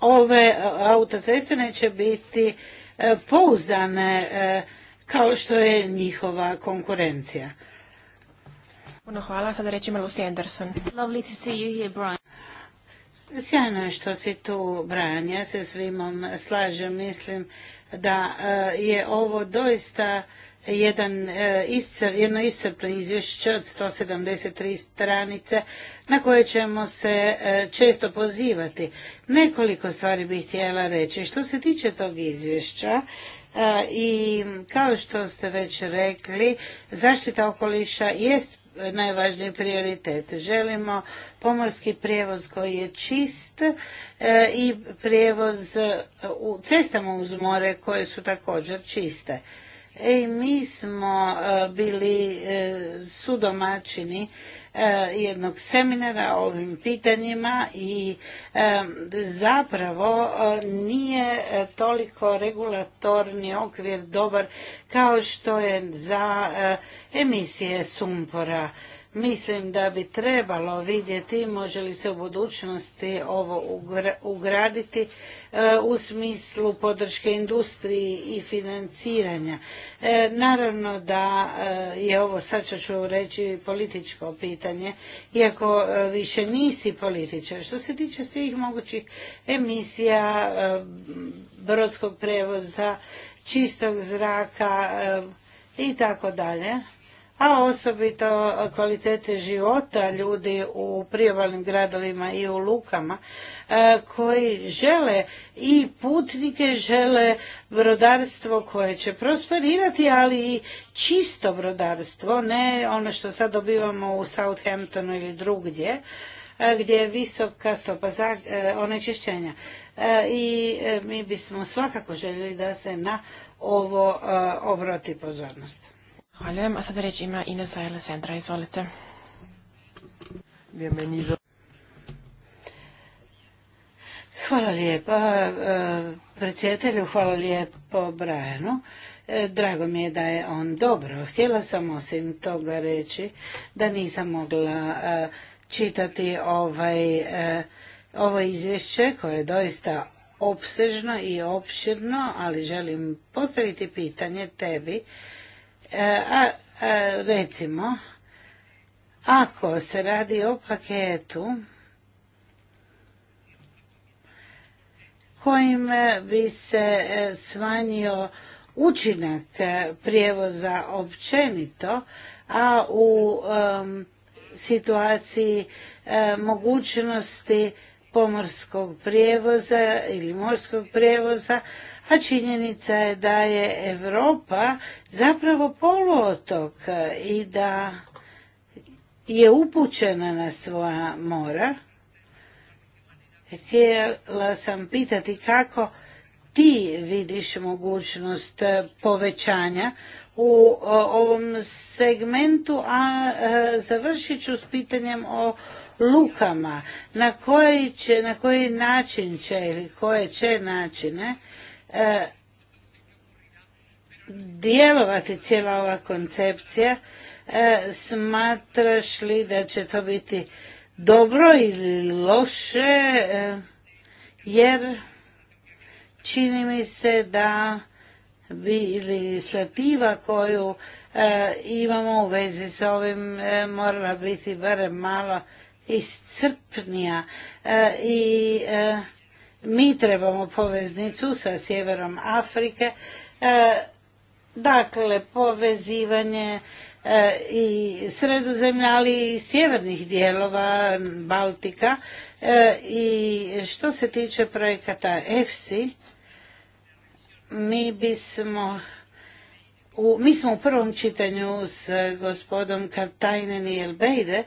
[SPEAKER 4] ove autoceste neće biti e, pouzdane e, kao što je njihova konkurencija. Puno hvala, sada reći Lucy Anderson. Lovely to see you here, Brian. Sjajno je što si tu, Brian. Ja se svimom slažem. Mislim da je ovo doista jedan, e, jedno iscrpno izvješće od 173 stranice na koje ćemo se e, često pozivati. Nekoliko stvari bih htjela reći. Što se tiče tog izvješća, e, i kao što ste već rekli, zaštita okoliša jest najvažniji prioritet. Želimo pomorski prijevoz koji je čist i prijevoz u cestama uz more koje su također čiste i e, mi smo e, bili e, sudomačini jednog seminara o ovim pitanjima i zapravo nije toliko regulatorni okvir dobar kao što je za emisije sumpora Mislim da bi trebalo vidjeti može li se u budućnosti ovo ugraditi e, u smislu podrške industriji i financiranja. E, naravno da e, je ovo, sad ću reći, političko pitanje, iako više nisi političar. Što se tiče svih mogućih emisija, brodskog prevoza, čistog zraka i tako dalje a osobito kvalitete života ljudi u priobalnim gradovima i u lukama e, koji žele i putnike, žele brodarstvo koje će prosperirati, ali i čisto brodarstvo, ne ono što sad dobivamo u Southamptonu ili drugdje, e, gdje je visoka stopa e, onečišćenja. I mi bismo svakako željeli da se na ovo obrati pozornost.
[SPEAKER 3] Zahvaljujem. A sada reći ima Izvolite.
[SPEAKER 4] Hvala lijepa e, predsjedatelju, hvala lijepo Brajanu. E, drago mi je da je on dobro. Htjela sam osim toga reći da nisam mogla e, čitati ovaj, ovo izvješće koje je doista opsežno i opširno, ali želim postaviti pitanje tebi E, a, recimo, ako se radi o paketu kojim bi se e, smanjio učinak e, prijevoza općenito, a u situaciji mogućnosti pomorskog prijevoza ili morskog prijevoza a činjenica je da je Europa zapravo poluotok i da je upućena na svoja mora. Htjela sam pitati kako ti vidiš mogućnost povećanja u ovom segmentu, a e, završit ću s pitanjem o lukama. Na na koji način će ili koje će načine E, djelovati cijela ova koncepcija? E, smatraš li da će to biti dobro ili loše? E, jer čini mi se da bi legislativa koju imamo u vezi s ovim morala biti barem malo iscrpnija i mi trebamo poveznicu sa sjeverom Afrike, e, dakle povezivanje e, i sredozemlja, ali i sjevernih dijelova Baltika. E, I što se tiče projekata EFSI, mi bismo mi smo u prvom čitanju s gospodom Katajnen i Elbejde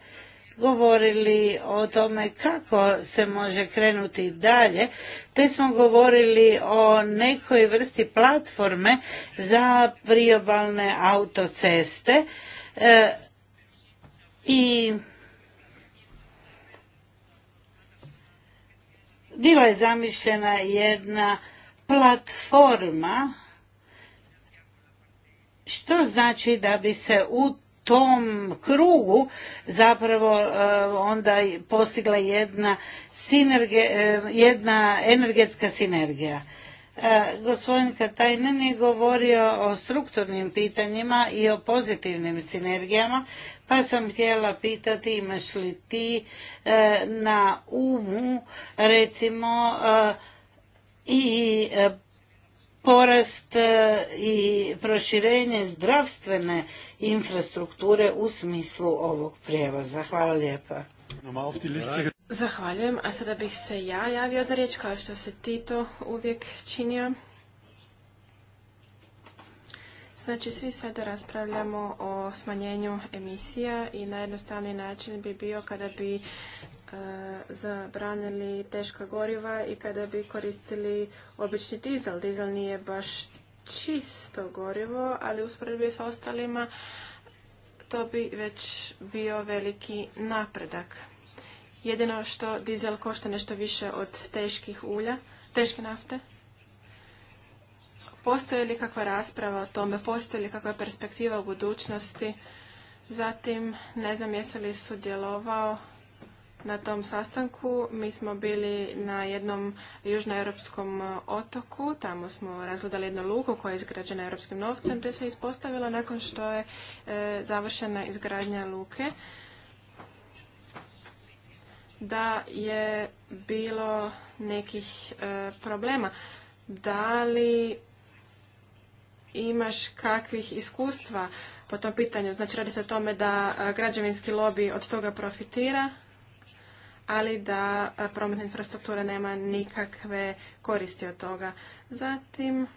[SPEAKER 4] govorili o tome kako se može krenuti dalje, te smo govorili o nekoj vrsti platforme za priobalne autoceste e, i bila je zamišljena jedna platforma što znači da bi se u tom krugu zapravo e, onda postigla jedna, e, jedna energetska sinergija. E, gospodin Katajnen je govorio o strukturnim pitanjima i o pozitivnim sinergijama, pa sam htjela pitati imaš li ti na umu recimo i porast e, i proširenje zdravstvene infrastrukture u smislu ovog prijevoza. Hvala
[SPEAKER 1] lijepa.
[SPEAKER 3] Zahvaljujem, a sada bih se ja javio za riječ kao što se Tito uvijek činio. Znači, svi sada raspravljamo o smanjenju emisija i najjednostavniji način bi bio kada bi E, zabranili teška goriva i kada bi koristili obični dizel. Dizel nije baš čisto gorivo, ali usporedbi sa ostalima to bi već bio veliki napredak. Jedino što dizel košta nešto više od teških ulja, teške nafte. Postoje li kakva rasprava o tome, postoji li kakva perspektiva u budućnosti? Zatim, ne znam jesi li sudjelovao na tom sastanku. Mi smo bili na jednom južnoeuropskom e, otoku, tamo smo razgledali jednu luku koja je izgrađena europskim novcem, te se ispostavilo nakon što je e, završena izgradnja luke da je bilo nekih e, problema. Da li imaš kakvih iskustva po tom pitanju? Znači radi se o tome da građevinski lobby od toga profitira ali da prometna infrastruktura nema nikakve koristi od toga. Zatim,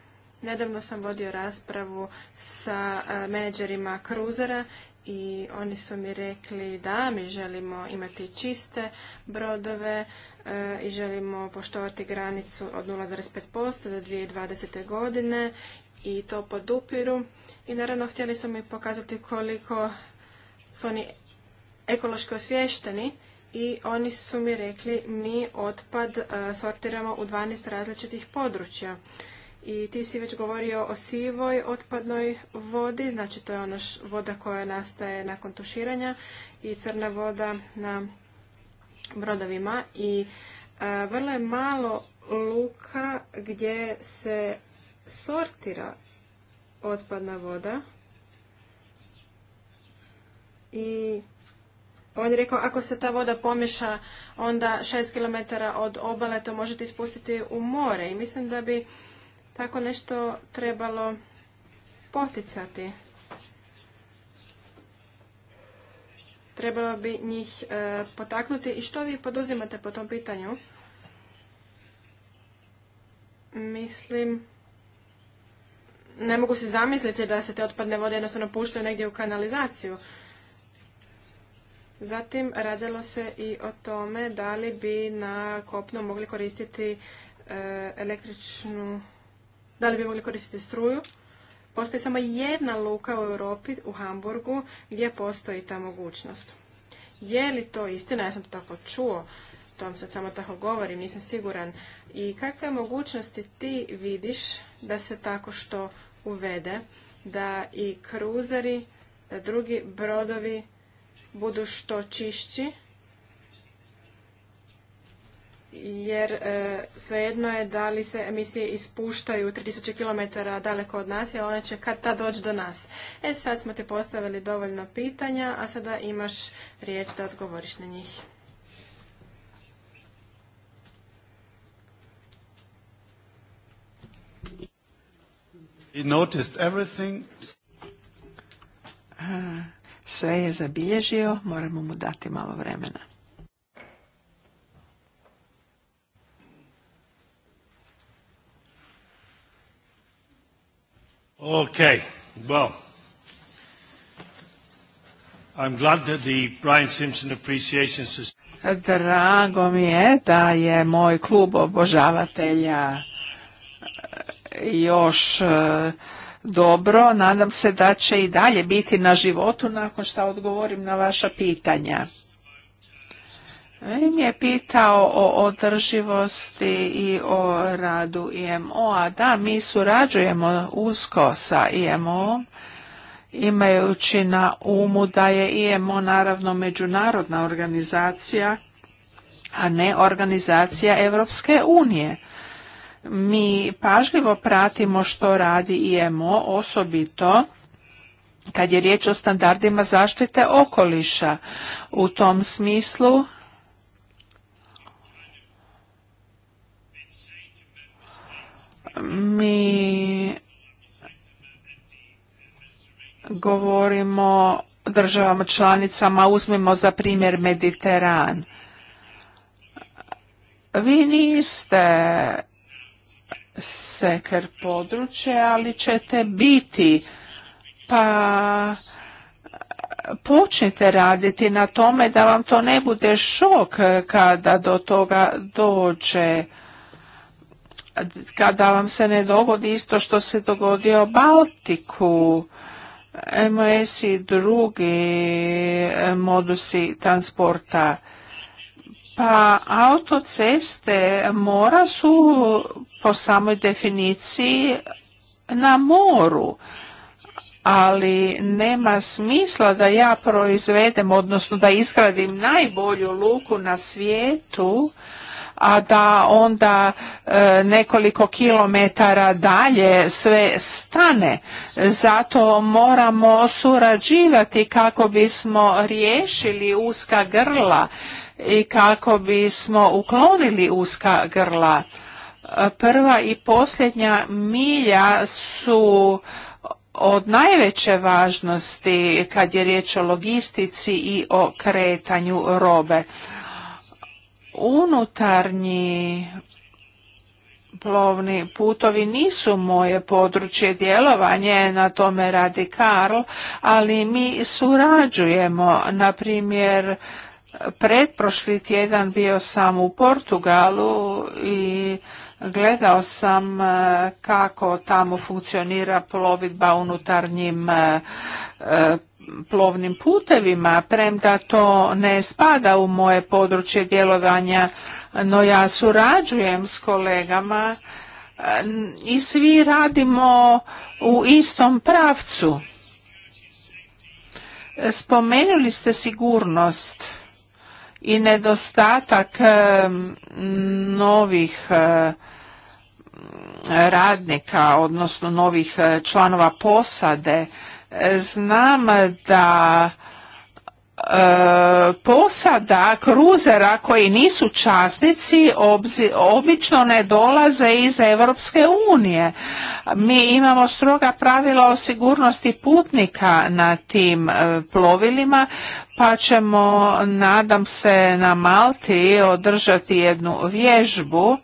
[SPEAKER 3] nedavno sam vodio raspravu sa e, menedžerima kruzera i oni su mi rekli da mi želimo imati čiste brodove e, i želimo poštovati granicu od 0,5% do 2020. godine i to podupiru. I naravno htjeli su mi pokazati koliko su oni ekološki osvješteni i oni su mi rekli mi otpad e, sortiramo u 12 različitih područja. I ti si već govorio o sivoj otpadnoj vodi, znači to je ona voda koja nastaje nakon tuširanja i crna voda na brodovima i e, vrlo je malo luka gdje se sortira otpadna voda i on je rekao, ako se ta voda pomješa, onda šest km od obale to možete ispustiti u more. I mislim da bi tako nešto trebalo poticati. Trebalo bi njih e, potaknuti. I što vi poduzimate po tom pitanju? Mislim, ne mogu se zamisliti da se te otpadne vode jednostavno puštaju negdje u kanalizaciju. Zatim radilo se i o tome da li bi na kopnu mogli koristiti e, električnu, da li bi mogli koristiti struju. Postoji samo jedna luka u Europi, u Hamburgu, gdje postoji ta mogućnost. Je li to istina? Ja sam to tako čuo, to vam sad samo tako govorim, nisam siguran. I kakve mogućnosti ti vidiš da se tako što uvede, da i kruzeri, da drugi brodovi budu što čišći jer e, svejedno je da li se emisije ispuštaju 3000 km daleko od nas, jer one će kad ta doći do nas. E sad smo ti postavili dovoljno pitanja, a sada imaš riječ da odgovoriš na njih.
[SPEAKER 1] noticed everything.
[SPEAKER 2] Sve je zabilježio, moramo mu dati malo
[SPEAKER 1] vremena. ok well, I'm glad that the Brian Simpson appreciation system...
[SPEAKER 2] Drago mi je da je moj klub obožavatelja e, još e, dobro, nadam se da će i dalje biti na životu nakon što odgovorim na vaša pitanja. Im je pitao o održivosti i o radu IMO-a. Da, mi surađujemo usko sa IMO-om, imajući na umu da je IMO naravno međunarodna organizacija, a ne organizacija Evropske unije. Mi pažljivo pratimo što radi IMO, osobito kad je riječ o standardima zaštite okoliša. U tom smislu mi govorimo državama članicama, uzmimo za primjer Mediteran. Vi niste seker područje, ali ćete biti. Pa počnite raditi na tome da vam to ne bude šok kada do toga dođe kada vam se ne dogodi isto što se dogodio Baltiku, MS i drugi modusi transporta pa autoceste mora su po samoj definiciji na moru, ali nema smisla da ja proizvedem, odnosno da izgradim najbolju luku na svijetu, a da onda e, nekoliko kilometara dalje sve stane. Zato moramo surađivati kako bismo riješili uska grla i kako bismo uklonili uska grla. Prva i posljednja milja su od najveće važnosti kad je riječ o logistici i o kretanju robe. Unutarnji plovni putovi nisu moje područje djelovanje, na tome radi Karl, ali mi surađujemo, na primjer Pretprošli tjedan bio sam u Portugalu i gledao sam e, kako tamo funkcionira plovidba unutarnjim e, e, plovnim putevima, premda to ne spada u moje područje djelovanja, no ja surađujem s kolegama i svi radimo u istom pravcu. Spomenuli ste sigurnost i nedostatak e, novih e, radnika, odnosno novih e, članova posade. Znam da E, posada kruzera koji nisu časnici obično ne dolaze iz Europske unije. Mi imamo stroga pravila o sigurnosti putnika na tim e, plovilima, pa ćemo, nadam se, na Malti održati jednu vježbu,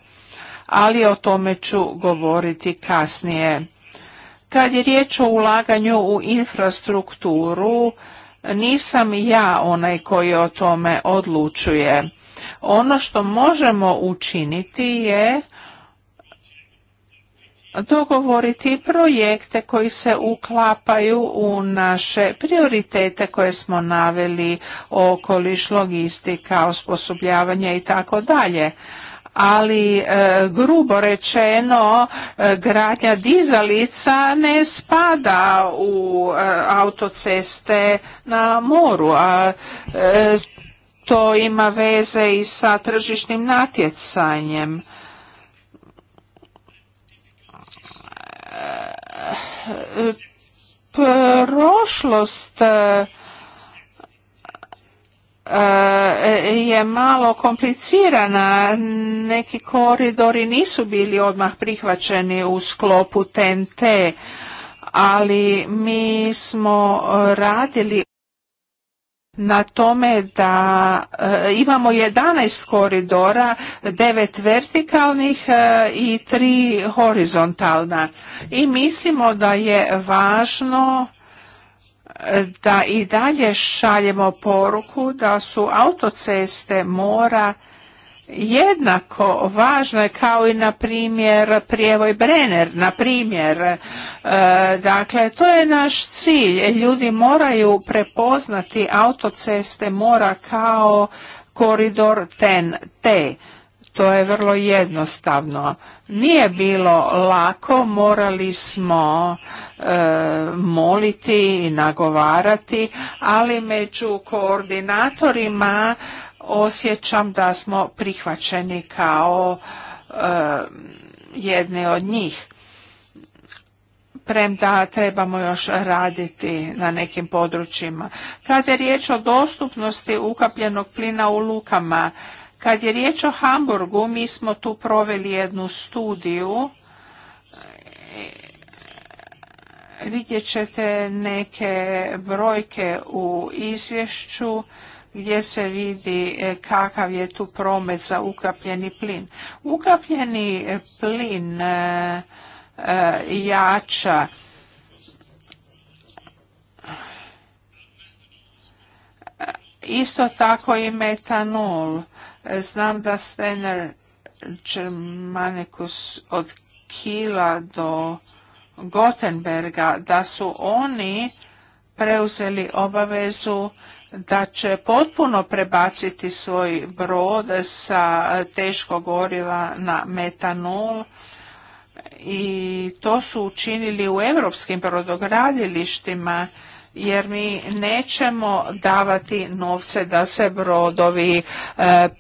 [SPEAKER 2] ali o tome ću govoriti kasnije. Kad je riječ o ulaganju u infrastrukturu, nisam ja onaj koji o tome odlučuje. Ono što možemo učiniti je dogovoriti projekte koji se uklapaju u naše prioritete koje smo naveli okoliš, logistika, osposobljavanje i tako dalje ali e, grubo rečeno e, gradnja dizalica ne spada u e, autoceste na moru, a to ima veze i sa tržišnim natjecanjem. Prošlost E, je malo komplicirana. Neki koridori nisu bili odmah prihvaćeni u sklopu TNT, ali mi smo e, radili na tome da e, imamo 11 koridora, 9 vertikalnih i 3 horizontalna. I mislimo da je važno da i dalje šaljemo poruku da su autoceste mora jednako važne kao i na primjer prijevoj Brenner, na primjer. E, dakle, to je naš cilj. Ljudi moraju prepoznati autoceste mora kao koridor TEN-T. To je vrlo jednostavno. Nije bilo lako, morali smo e, moliti i nagovarati, ali među koordinatorima osjećam da smo prihvaćeni kao e, jedni od njih. Premda trebamo još raditi na nekim područjima. Kada je riječ o dostupnosti ukapljenog plina u lukama, kad je riječ o Hamburgu, mi smo tu proveli jednu studiju. Vidjet ćete neke brojke u izvješću gdje se vidi e, kakav je tu promet za ukapljeni plin. Ukapljeni plin e, e, jača isto tako i metanol E, znam da Steiner Čermanikus od Kila do Gotenberga, da su oni preuzeli obavezu da će potpuno prebaciti svoj brod sa teškog goriva na metanol i to su učinili u europskim brodogradilištima jer mi nećemo davati novce da se brodovi e,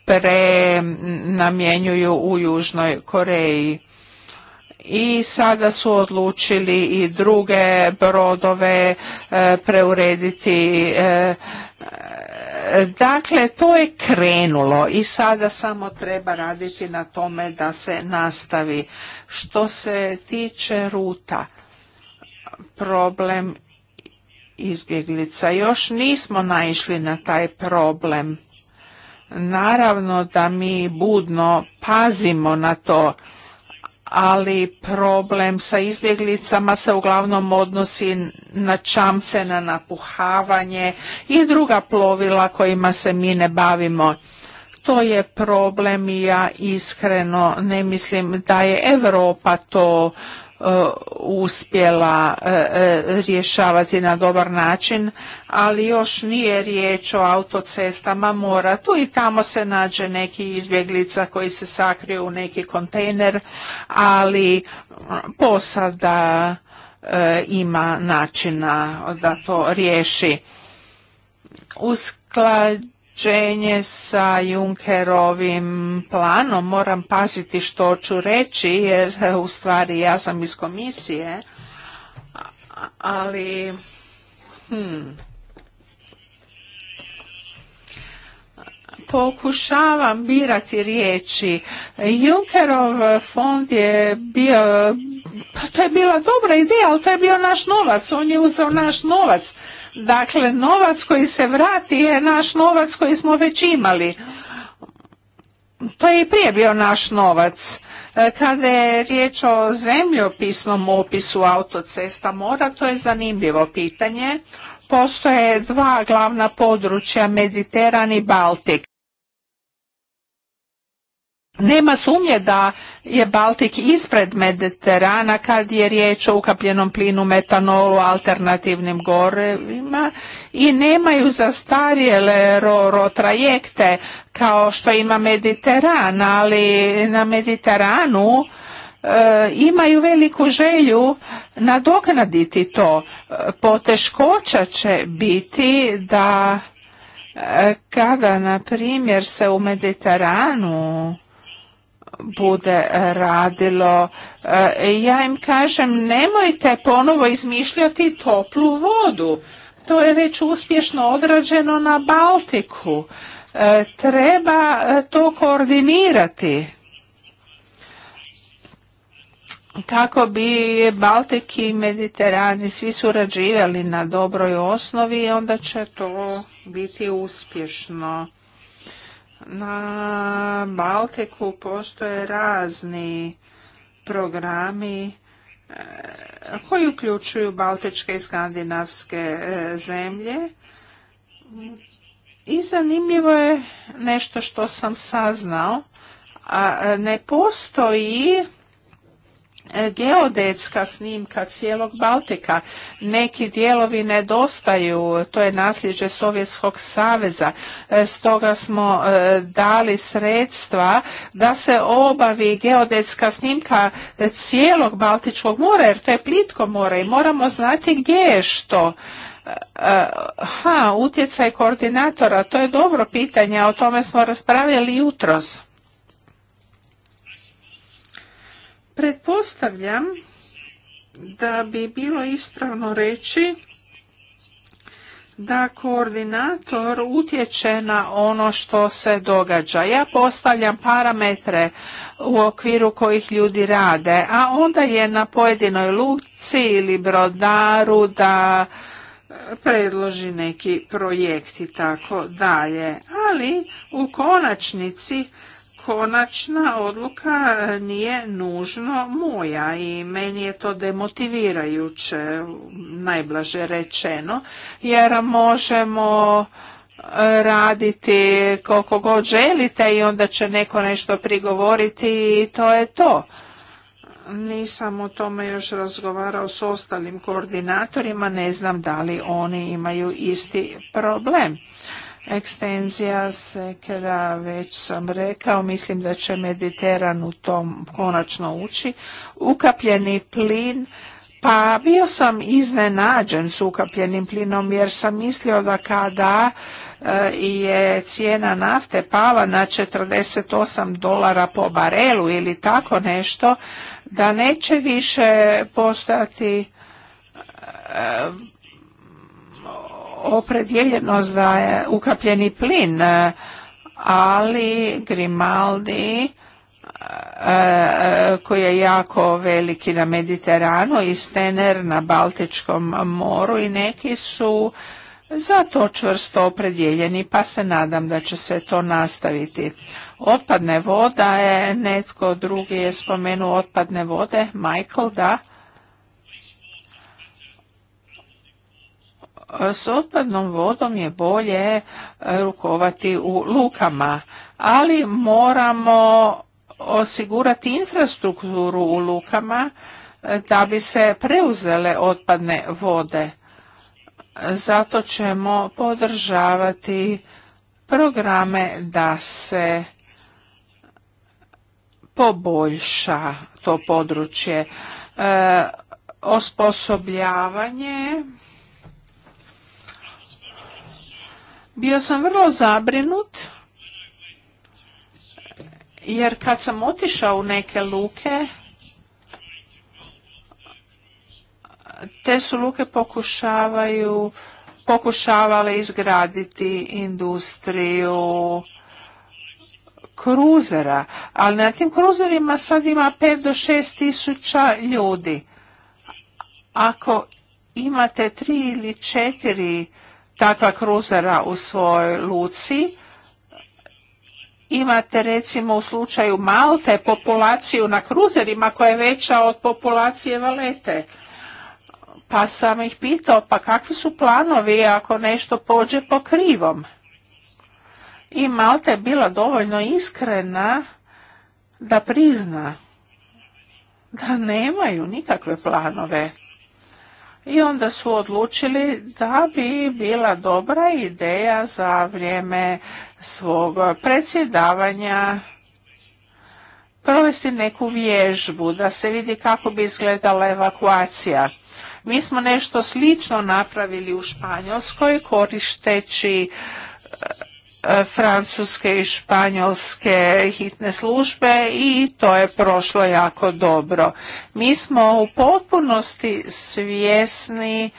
[SPEAKER 2] prenamjenjuju u Južnoj Koreji i sada su odlučili i druge brodove e, preurediti. E, dakle, to je krenulo i sada samo treba raditi na tome da se nastavi. Što se tiče ruta, problem izbjeglica. Još nismo naišli na taj problem. Naravno da mi budno pazimo na to, ali problem sa izbjeglicama se uglavnom odnosi na čamce, na napuhavanje i druga plovila kojima se mi ne bavimo. To je problem i ja iskreno ne mislim da je Europa to E, uspjela e, e, rješavati na dobar način, ali još nije riječ o autocestama mora. Tu i tamo se nađe neki izbjeglica koji se sakrije u neki kontejner, ali posada ima načina da to riješi. usklad čenje sa Junckerovim planom. Moram paziti što ću reći jer (laughs) u stvari ja sam iz komisije, ali... Hmm. pokušavam birati riječi. Junckerov fond je bio, pa to je bila dobra ideja, ali to je bio naš novac, on je uzeo naš novac. Dakle, novac koji se vrati je naš novac koji smo već imali. To je i prije bio naš novac. E, kada je riječ o zemljopisnom opisu autocesta mora, to je zanimljivo pitanje. Postoje dva glavna područja, Mediteran i Baltik. Nema sumnje da je Baltik ispred Mediterana kad je riječ o ukapljenom plinu, metanolu, alternativnim gorevima i nemaju zastarjele roro trajekte kao što ima Mediteran, ali na Mediteranu e, imaju veliku želju nadoknaditi to. Poteškoća će biti da e, kada, na primjer, se u Mediteranu bude radilo. E, ja im kažem nemojte ponovo izmišljati toplu vodu. To je već uspješno odrađeno na Baltiku. E, treba to koordinirati kako bi Baltik i Mediterani svi surađivali na dobroj osnovi onda će to biti uspješno. Na Baltiku postoje razni programi e, koji uključuju baltičke i skandinavske e, zemlje. I zanimljivo je nešto što sam saznao, a e, ne postoji E, geodetska snimka cijelog Baltika. Neki dijelovi nedostaju, to je nasljeđe Sovjetskog saveza. E, stoga smo e, dali sredstva da se obavi geodetska snimka cijelog Baltičkog mora, jer to je plitko more i moramo znati gdje je što. Ha, utjecaj koordinatora, to je dobro pitanje, o tome smo raspravljali jutros. Pretpostavljam da bi bilo ispravno reći da koordinator utječe na ono što se događa. Ja postavljam parametre u okviru kojih ljudi rade, a onda je na pojedinoj luci ili brodaru da predloži neki projekt i tako dalje. Ali u konačnici konačna odluka nije nužno moja i meni je to demotivirajuće, najblaže rečeno, jer možemo e, raditi koliko god želite i onda će neko nešto prigovoriti i to je to. Nisam o tome još razgovarao s ostalim koordinatorima, ne znam da li oni imaju isti problem ekstenzija sekera, već sam rekao, mislim da će Mediteran u tom konačno ući. Ukapljeni plin, pa bio sam iznenađen s ukapljenim plinom jer sam mislio da kada e, je cijena nafte pala na 48 dolara po barelu ili tako nešto, da neće više postati e, opredjeljenost za ukapljeni plin, e, ali Grimaldi e, e, koji je jako veliki na Mediteranu i Stener na Baltičkom moru i neki su za to čvrsto opredjeljeni pa se nadam da će se to nastaviti. Otpadne voda je, netko drugi je spomenuo otpadne vode, Michael da. S otpadnom vodom je bolje e, rukovati u lukama, ali moramo osigurati infrastrukturu u lukama e, da bi se preuzele otpadne vode. Zato ćemo podržavati programe da se poboljša to područje. E, osposobljavanje bio sam vrlo zabrinut jer kad sam otišao u neke luke, te su luke pokušavaju, pokušavale izgraditi industriju kruzera, ali na tim kruzerima sad ima 5 do 6 tisuća ljudi. Ako imate 3 ili četiri takva kruzera u svojoj luci. Imate recimo u slučaju Malte populaciju na kruzerima koja je veća od populacije valete. Pa sam ih pitao, pa kakvi su planovi ako nešto pođe po krivom? I Malta je bila dovoljno iskrena da prizna da nemaju nikakve planove i onda su odlučili da bi bila dobra ideja za vrijeme svog predsjedavanja provesti neku vježbu da se vidi kako bi izgledala evakuacija. Mi smo nešto slično napravili u Španjolskoj koristeći E, francuske i španjolske hitne službe i to je prošlo jako dobro. Mi smo u potpunosti svjesni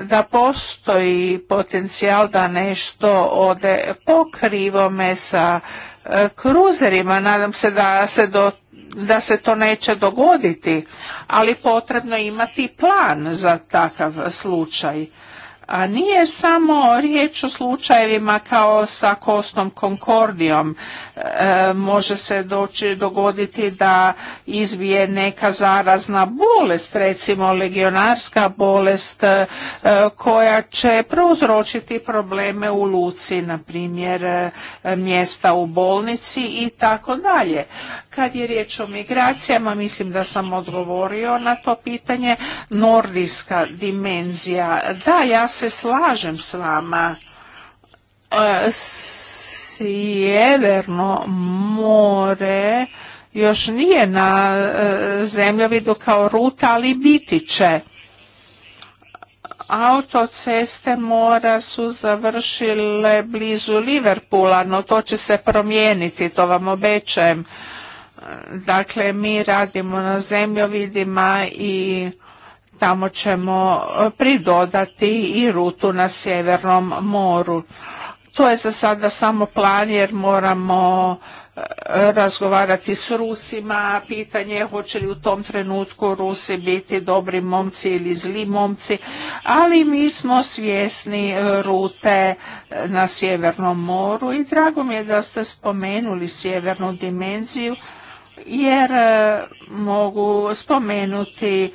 [SPEAKER 2] da postoji potencijal da nešto ode po krivome sa e, kruzerima. Nadam se da se da se to neće dogoditi, ali potrebno imati plan za takav slučaj. A nije samo riječ o slučajevima kao sa Kostom Konkordijom. E, može se doći, dogoditi da izvije neka zarazna bolest, recimo legionarska bolest e, koja će prouzročiti probleme u luci, na primjer e, mjesta u bolnici i tako dalje. Kad je riječ o migracijama, mislim da sam odgovorio na to pitanje, nordijska dimenzija. Da, ja se slažem s vama. E, Sjeverno more još nije na e, zemljovidu kao ruta, ali biti će. Autoceste mora su završile blizu Liverpoola, no to će se promijeniti, to vam obećajem. Dakle, mi radimo na zemljovidima i Tamo ćemo e, pridodati i rutu na Sjevernom moru. To je za sada samo plan jer moramo e, razgovarati s Rusima, pitanje je hoće li u tom trenutku Rusi biti dobri momci ili zli momci, ali mi smo svjesni e, rute na Sjevernom moru i drago mi je da ste spomenuli Sjevernu dimenziju jer e, mogu spomenuti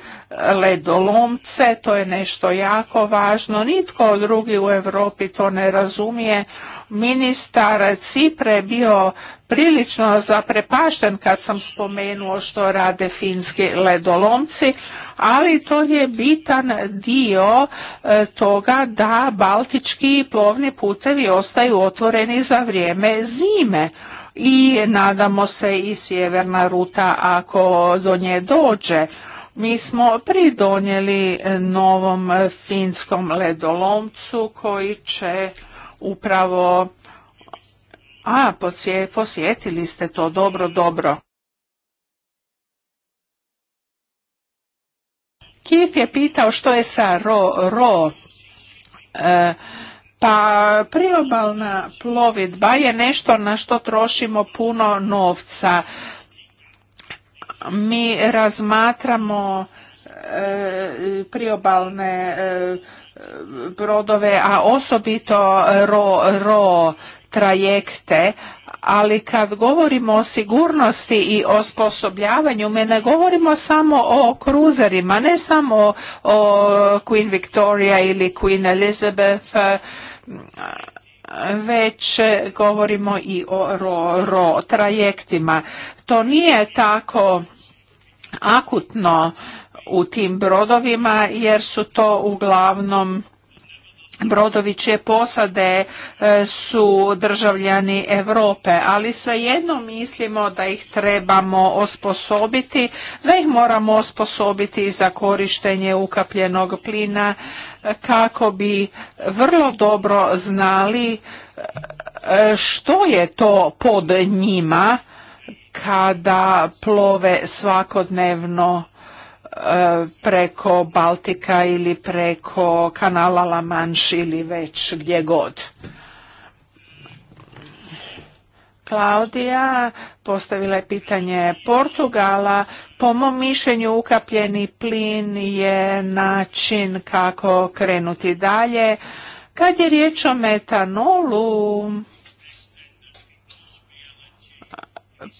[SPEAKER 2] ledolomce, to je nešto jako važno, nitko drugi u Europi to ne razumije. Ministar Cipre je bio prilično zaprepašten kad sam spomenuo što rade finski ledolomci, ali to je bitan dio e, toga da baltički plovni putevi ostaju otvoreni za vrijeme zime i nadamo se i sjeverna ruta ako do nje dođe. Mi smo pridonijeli novom finskom ledolomcu koji će upravo... A, posjetili ste to, dobro, dobro. Kip je pitao što je sa ro, ro. E, pa priobalna plovidba je nešto na što trošimo puno novca. Mi razmatramo e, priobalne e, brodove, a osobito ro, trajekte, ali kad govorimo o sigurnosti i osposobljavanju, mi ne govorimo samo o kruzerima, ne samo o Queen Victoria ili Queen Elizabeth, već govorimo i o ro, trajektima. To nije tako akutno u tim brodovima jer su to uglavnom brodovi čije posade e, su državljani Europe, ali svejedno mislimo da ih trebamo osposobiti, da ih moramo osposobiti za korištenje ukapljenog plina e, kako bi vrlo dobro znali e, što je to pod njima kada plove svakodnevno preko Baltika ili preko kanala La Manche ili već gdje god. Klaudija postavila je pitanje Portugala. Po mom mišljenju ukapljeni plin je način kako krenuti dalje. Kad je riječ o metanolu,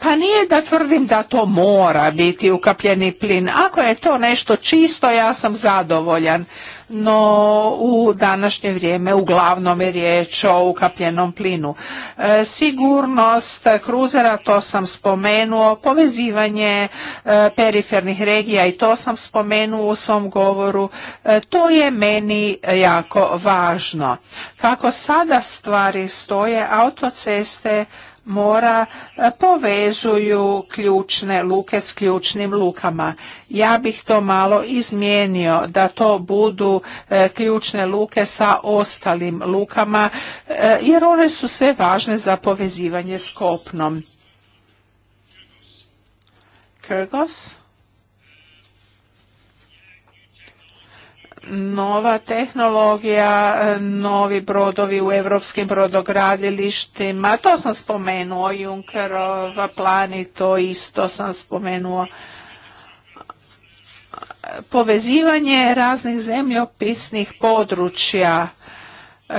[SPEAKER 2] Pa nije da tvrdim da to mora biti ukapljeni plin. Ako je to nešto čisto, ja sam zadovoljan. No u današnje vrijeme uglavnom je riječ o ukapljenom plinu. E, sigurnost kruzera, to sam spomenuo, povezivanje e, perifernih regija i to sam spomenuo u svom govoru. E, to je meni jako važno. Kako sada stvari stoje, autoceste mora e, povezuju ključne luke s ključnim lukama. Ja bih to malo izmijenio da to budu e, ključne luke sa ostalim lukama e, jer one su sve važne za povezivanje s kopnom. Kyrgos? nova tehnologija, novi brodovi u europskim brodogradilištima, to sam spomenuo, Junkerova plan i to isto sam spomenuo. Povezivanje raznih zemljopisnih područja,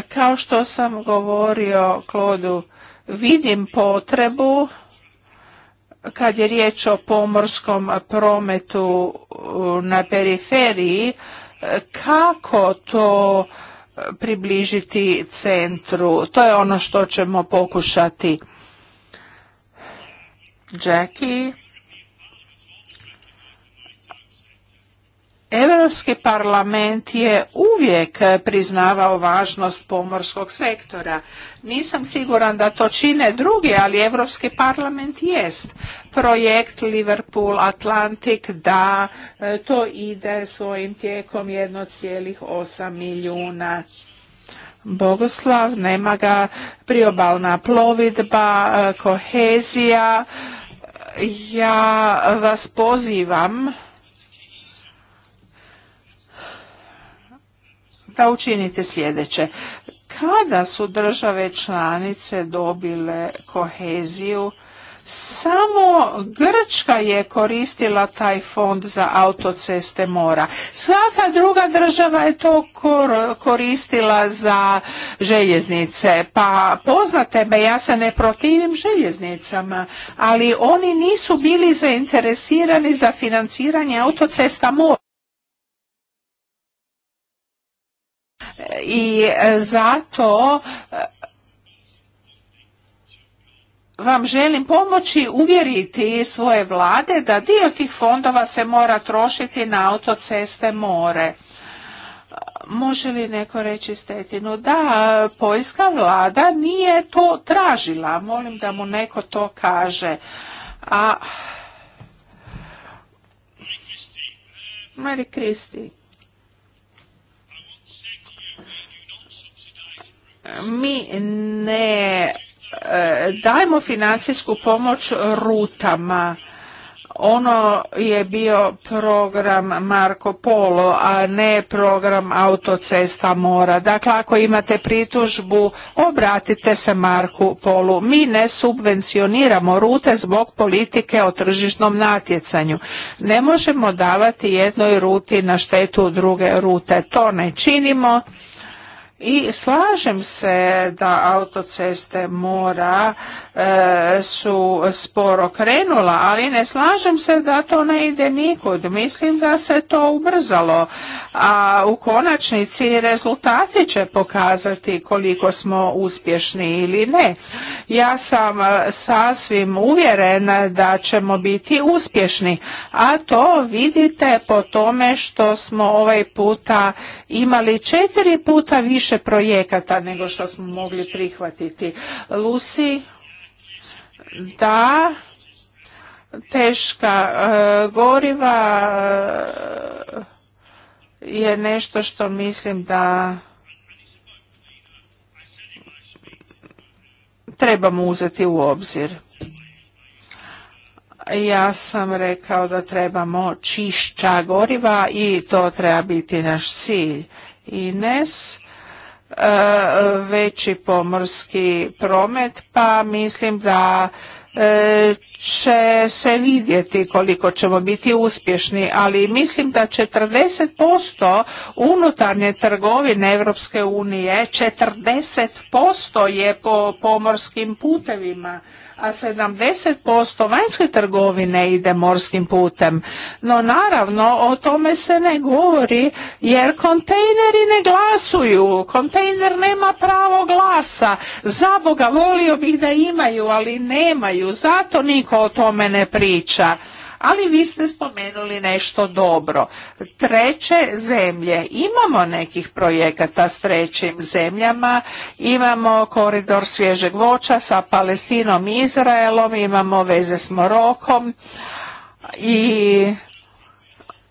[SPEAKER 2] kao što sam govorio Klodu, vidim potrebu kad je riječ o pomorskom prometu na periferiji, kako to približiti centru. To je ono što ćemo pokušati. Jackie. Europski parlament je uvijek priznavao važnost pomorskog sektora. Nisam siguran da to čine drugi, ali Europski parlament jest. Projekt Liverpool Atlantic da e, to ide svojim tijekom 1,8 milijuna. Bogoslav, nema ga priobalna plovidba, e, kohezija. Ja vas pozivam da učinite sljedeće. Kada su države članice dobile koheziju, samo Grčka je koristila taj fond za autoceste mora. Svaka druga država je to koristila za željeznice. Pa poznate me, ja se ne protivim željeznicama, ali oni nisu bili zainteresirani za financiranje autocesta mora. i e, zato e, vam želim pomoći uvjeriti svoje vlade da dio tih fondova se mora trošiti na autoceste more. Može li neko reći stetinu? Da, poljska vlada nije to tražila. Molim da mu neko to kaže. A... Mari Kristi. mi ne e, dajemo financijsku pomoć rutama. Ono je bio program Marko Polo, a ne program autocesta mora. Dakle, ako imate pritužbu, obratite se Marku Polu. Mi ne subvencioniramo rute zbog politike o tržišnom natjecanju. Ne možemo davati jednoj ruti na štetu druge rute. To ne činimo i slažem se da autoceste mora e, su sporo krenula, ali ne slažem se da to ne ide nikud. Mislim da se to ubrzalo, a u konačnici rezultati će pokazati koliko smo uspješni ili ne. Ja sam sasvim uvjeren da ćemo biti uspješni, a to vidite po tome što smo ovaj puta imali četiri puta više više projekata nego što smo mogli prihvatiti. Lucy, da, teška e, goriva e, je nešto što mislim da trebamo uzeti u obzir. Ja sam rekao da trebamo čišća goriva i to treba biti naš cilj. Ines, E, veći pomorski promet, pa mislim da e, će se vidjeti koliko ćemo biti uspješni, ali mislim da 40% unutarnje trgovine Europske unije, 40% je po pomorskim putevima a 70% vanjske trgovine ide morskim putem. No naravno o tome se ne govori jer kontejneri ne glasuju, kontejner nema pravo glasa. Za Boga volio bih da imaju, ali nemaju, zato niko o tome ne priča. Ali vi ste spomenuli nešto dobro. Treće zemlje, imamo nekih projekata s trećim zemljama, imamo koridor svježeg voća sa Palestinom i Izraelom, imamo veze s Morokom i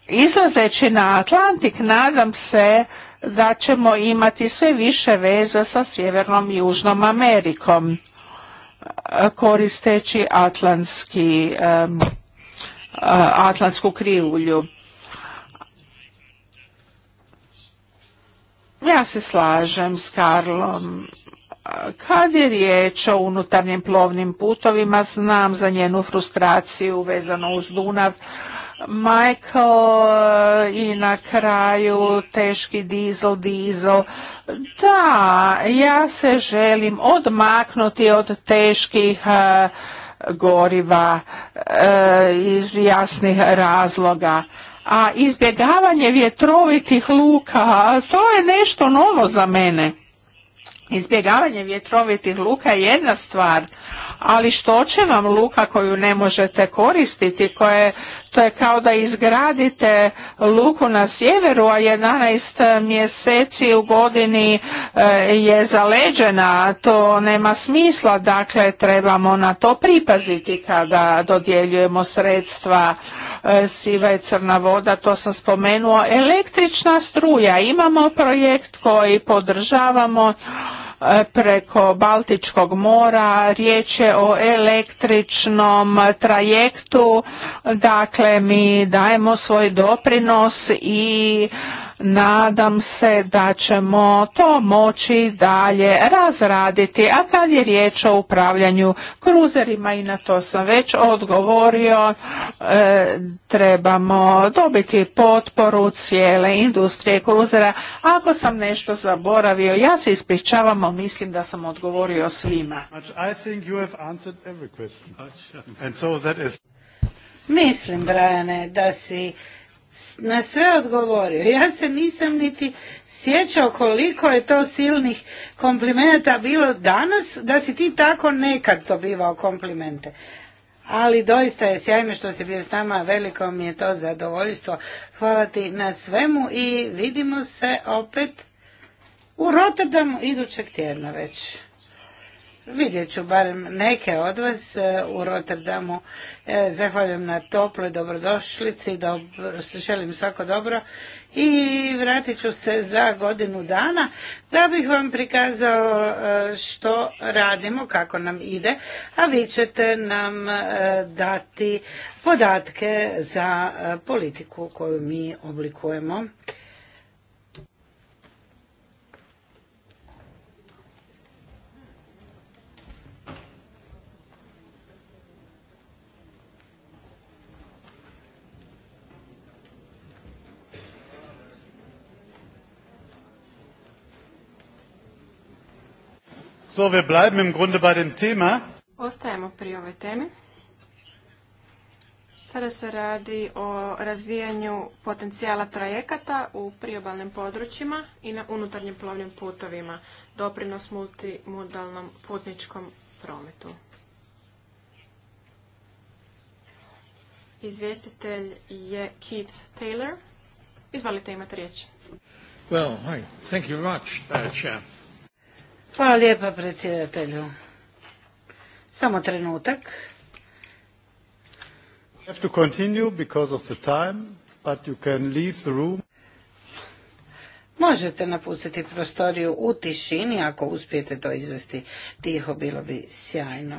[SPEAKER 2] izlazeći na Atlantik nadam se da ćemo imati sve više veza sa Sjevernom i Južnom Amerikom koristeći atlantski Atlantsku krivulju. Ja se slažem s Karlom. Kad je riječ o unutarnjim plovnim putovima, znam za njenu frustraciju vezano uz Dunav. Michael i na kraju teški dizel, dizel. Da, ja se želim odmaknuti od teških goriva e, iz jasnih razloga. A izbjegavanje vjetrovitih luka, to je nešto novo za mene. Izbjegavanje vjetrovitih luka je jedna stvar, ali što će vam luka koju ne možete koristiti, koje, to je kao da izgradite luku na sjeveru, a 11 mjeseci u godini e, je zaleđena, to nema smisla, dakle trebamo na to pripaziti kada dodjeljujemo sredstva e, siva i crna voda, to sam spomenuo, električna struja, imamo projekt koji podržavamo, E, preko Baltičkog mora. Riječ je o električnom trajektu. Dakle, mi dajemo svoj doprinos i Nadam se da ćemo to moći dalje razraditi, a kad je riječ o upravljanju kruzerima i na to sam već odgovorio, e, trebamo dobiti potporu cijele industrije kruzera. Ako sam nešto zaboravio, ja se ispričavam, ali mislim da sam odgovorio svima.
[SPEAKER 4] Mislim, Brajane, da si na sve odgovorio. Ja se nisam niti sjećao koliko je to silnih komplimenata bilo danas, da si ti tako nekad dobivao komplimente. Ali doista je sjajno što si bio s nama, veliko mi je to zadovoljstvo. Hvala ti na svemu i vidimo se opet u Rotterdamu idućeg tjedna već. Vidjet ću barem neke od vas e, u Rotterdamu. E, zahvaljujem na toploj dobrodošlici, dobro, želim svako dobro i vratit ću se za godinu dana da bih vam prikazao e, što radimo, kako nam ide, a vi ćete nam dati podatke za politiku koju mi oblikujemo.
[SPEAKER 1] So, wir bleiben im Grunde bei dem Thema.
[SPEAKER 3] Ostajemo pri ove temi. Sada se radi o razvijanju potencijala trajekata u priobalnim područjima i na unutarnjim plovnim putovima, doprinos multimodalnom putničkom prometu. Izvjestitelj je Keith Taylor. Izvalite imate riječ.
[SPEAKER 1] Well, hi. Thank you much, uh,
[SPEAKER 4] Hvala lijepa predsjedatelju. Samo
[SPEAKER 1] trenutak.
[SPEAKER 4] Možete napustiti prostoriju u tišini ako uspijete to izvesti tiho, bilo bi sjajno.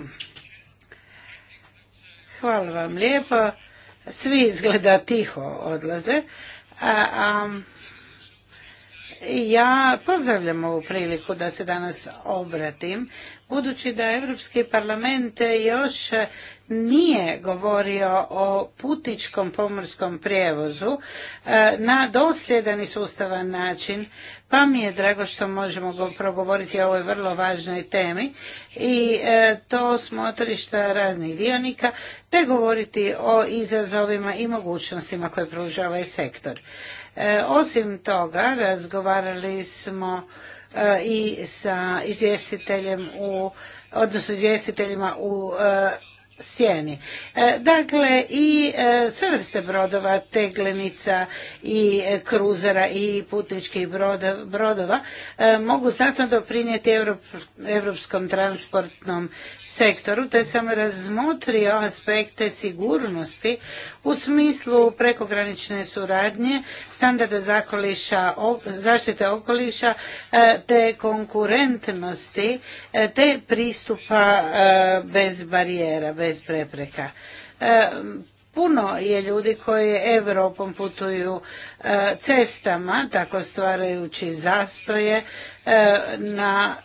[SPEAKER 4] Hvala vam lijepo. Svi izgleda tiho odlaze. a, ja pozdravljam ovu priliku da se danas obratim, budući da Europski parlament još nije govorio o putičkom pomorskom prijevozu e, na dosljedan i sustavan način, pa mi je drago što možemo progovoriti o ovoj vrlo važnoj temi i e, to smotrišta raznih dionika, te govoriti o izazovima i mogućnostima koje pružava ovaj sektor. E, osim toga, razgovarali smo e, i sa izvjestiteljem u, odnosno izvjestiteljima u e, sjeni. Dakle, i sve vrste brodova, teglenica i kruzera i putničkih brodova mogu znatno doprinijeti europskom transportnom sektoru, te sam razmotrio aspekte sigurnosti u smislu prekogranične suradnje, standarda zaštite okoliša e, te konkurentnosti e, te pristupa e, bez barijera, bez prepreka puno je ljudi koji Evropom putuju cestama, tako stvarajući zastoje na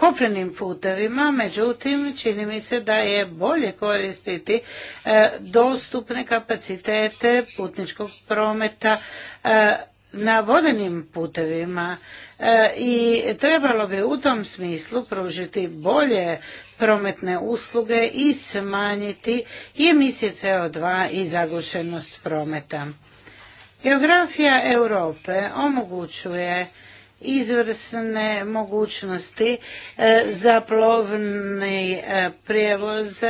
[SPEAKER 4] kopnenim putevima, međutim čini mi se da je bolje koristiti e, dostupne kapacitete putničkog prometa e, na vodenim putevima e, i trebalo bi u tom smislu pružiti bolje prometne usluge i smanjiti i emisije CO2 i zagušenost prometa. Geografija Europe omogućuje izvrsne mogućnosti e, za plovni e, prijevoz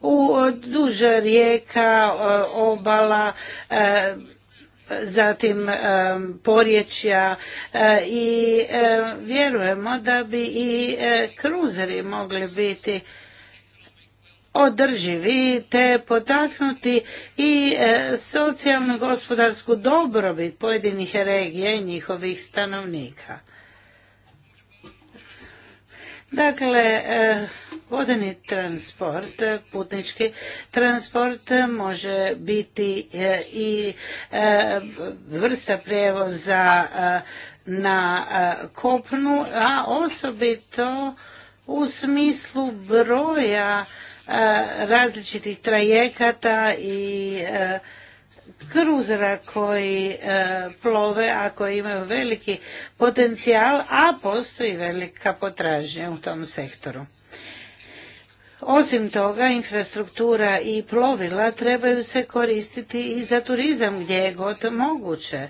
[SPEAKER 4] u duže rijeka, obala, e, zatim porječja i vjerujemo da bi i kruzeri mogli biti održivi te potaknuti i e, socijalno gospodarsku dobrobit pojedinih regija i njihovih stanovnika. Dakle, e, vodeni transport, putnički transport može biti e, i vrsta prijevoza na kopnu, a osobito u smislu broja E, različitih trajekata i e, kruzera koji e, plove, a koji imaju veliki potencijal, a postoji velika potražnja u tom sektoru. Osim toga, infrastruktura i plovila trebaju se koristiti i za turizam gdje je gotovo moguće.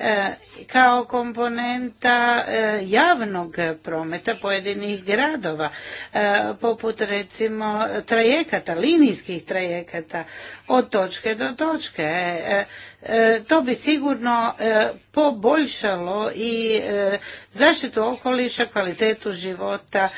[SPEAKER 4] E, kao komponenta e, javnog prometa pojedinih gradova, e, poput recimo trajekata, linijskih trajekata od točke do točke. To bi sigurno poboljšalo i zaštitu okoliša, kvalitetu života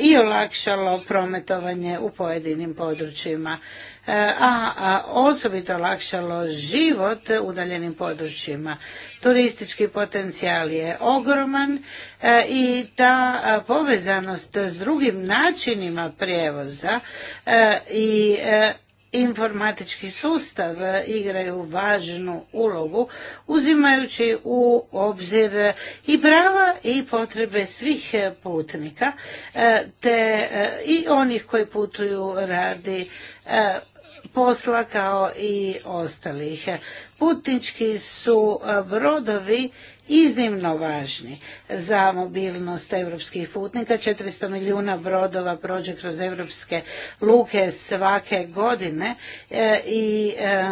[SPEAKER 4] i olakšalo prometovanje u pojedinim područjima. E, a osobito olakšalo život udaljenim područjima. Turistički potencijal je ogroman e, i ta povezanost s drugim načinima prijevoza e, i informatički sustav igraju važnu ulogu uzimajući u obzir i prava i potrebe svih putnika te i onih koji putuju radi posla kao i ostalih. Putnički su e, brodovi iznimno važni za mobilnost europskih putnika. 400 milijuna brodova prođe kroz europske luke svake godine e, i e,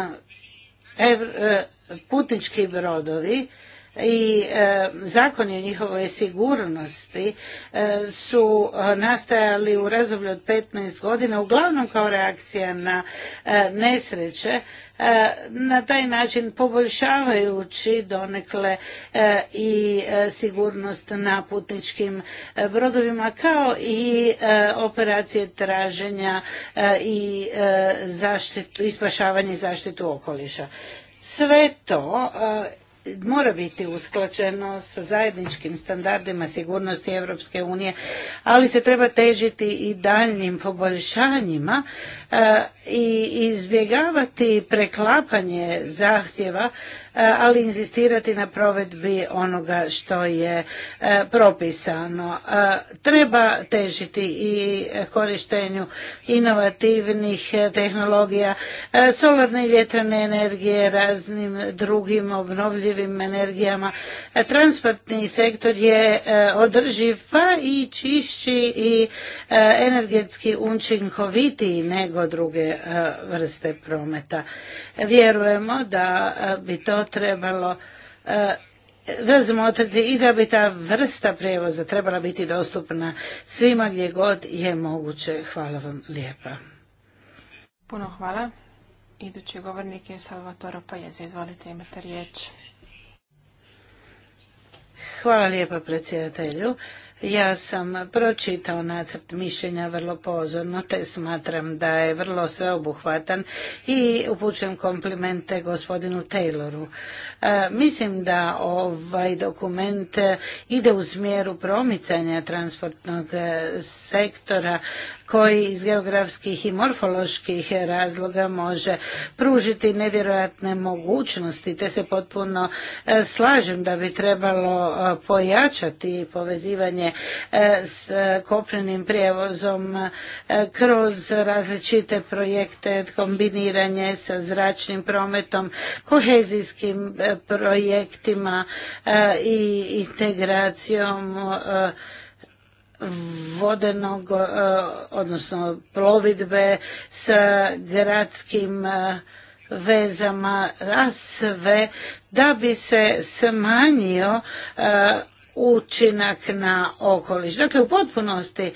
[SPEAKER 4] putnički brodovi i e, zakoni o njihovoj sigurnosti e, su e, nastajali u razdoblju od 15 godina, uglavnom kao reakcija na nesreće, na taj način poboljšavajući donekle i sigurnost na putničkim brodovima kao i operacije traženja i zaštitu, ispašavanje i zaštitu okoliša. Sve to mora biti usklađeno sa zajedničkim standardima sigurnosti Europske unije, ali se treba težiti i daljnim poboljšanjima eh, i izbjegavati preklapanje zahtjeva E, ali inzistirati na provedbi onoga što je e, propisano. E, treba težiti i korištenju inovativnih tehnologija, solarne i vjetrane energije, raznim drugim obnovljivim energijama. Transportni sektor je održiv pa i čišći i energetski učinkovitiji nego druge vrste prometa. Vjerujemo da bi to trebalo e, razmotriti i da bi ta vrsta prijevoza trebala biti dostupna svima gdje god je moguće. Hvala vam lijepa.
[SPEAKER 3] Puno hvala. Idući govornik je Salvatore Pajeze. Izvolite, imate riječ.
[SPEAKER 4] Hvala lijepa predsjedatelju. Ja sam pročitao nacrt mišljenja vrlo pozorno, te smatram da je vrlo sveobuhvatan i upućujem komplimente gospodinu Tayloru. E, mislim da ovaj dokument ide u smjeru promicanja transportnog sektora koji iz geografskih i morfoloških razloga može pružiti nevjerojatne mogućnosti, te se potpuno e, slažem da bi trebalo e, pojačati povezivanje e, s kopnenim prijevozom kroz različite projekte, kombiniranje sa zračnim prometom, kohezijskim projektima i integracijom vodenog, e, odnosno plovidbe sa gradskim e, vezama, a sve da bi se smanjio e, učinak na okoliš. Dakle, u potpunosti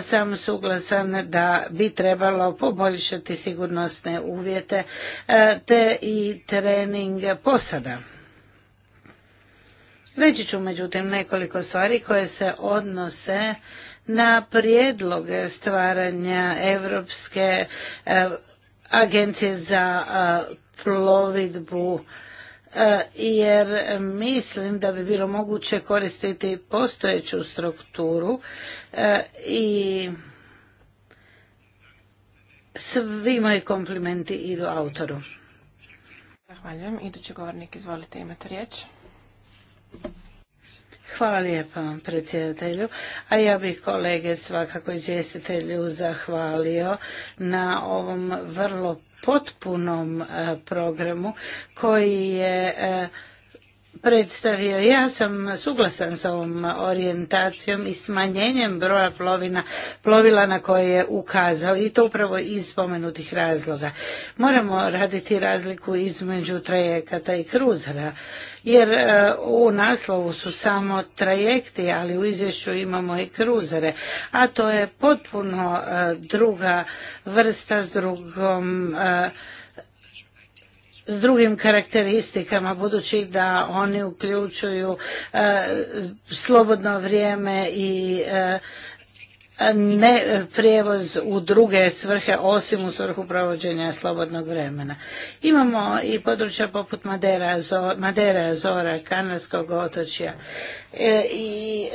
[SPEAKER 4] sam suglasan da bi trebalo poboljšati sigurnosne uvjete te i trening posada. Reći ću međutim nekoliko stvari koje se odnose na prijedlog stvaranja Europske e, agencije za e, plovidbu e, jer mislim da bi bilo moguće koristiti postojeću strukturu i svi moji komplimenti idu autoru. Zahvaljujem. Idući govornik, izvolite, imate riječ. Hvala lijepa predsjedatelju. A ja bih kolege svakako izvjestitelju zahvalio na ovom vrlo potpunom e, programu koji je e, predstavio. Ja sam suglasan s ovom orijentacijom i smanjenjem broja plovina, plovila na koje je ukazao i to upravo iz spomenutih razloga. Moramo raditi razliku između trajekata i kruzera jer e, u naslovu su samo trajekti, ali u izvješću imamo i kruzere, a to je potpuno e, druga vrsta s drugom e, s drugim karakteristikama budući da oni uključuju e, slobodno vrijeme i e, ne prijevoz u druge svrhe osim u svrhu provođenja slobodnog vremena. Imamo i područja poput Madera, Zora, Madera, Kanarskog otočja e, i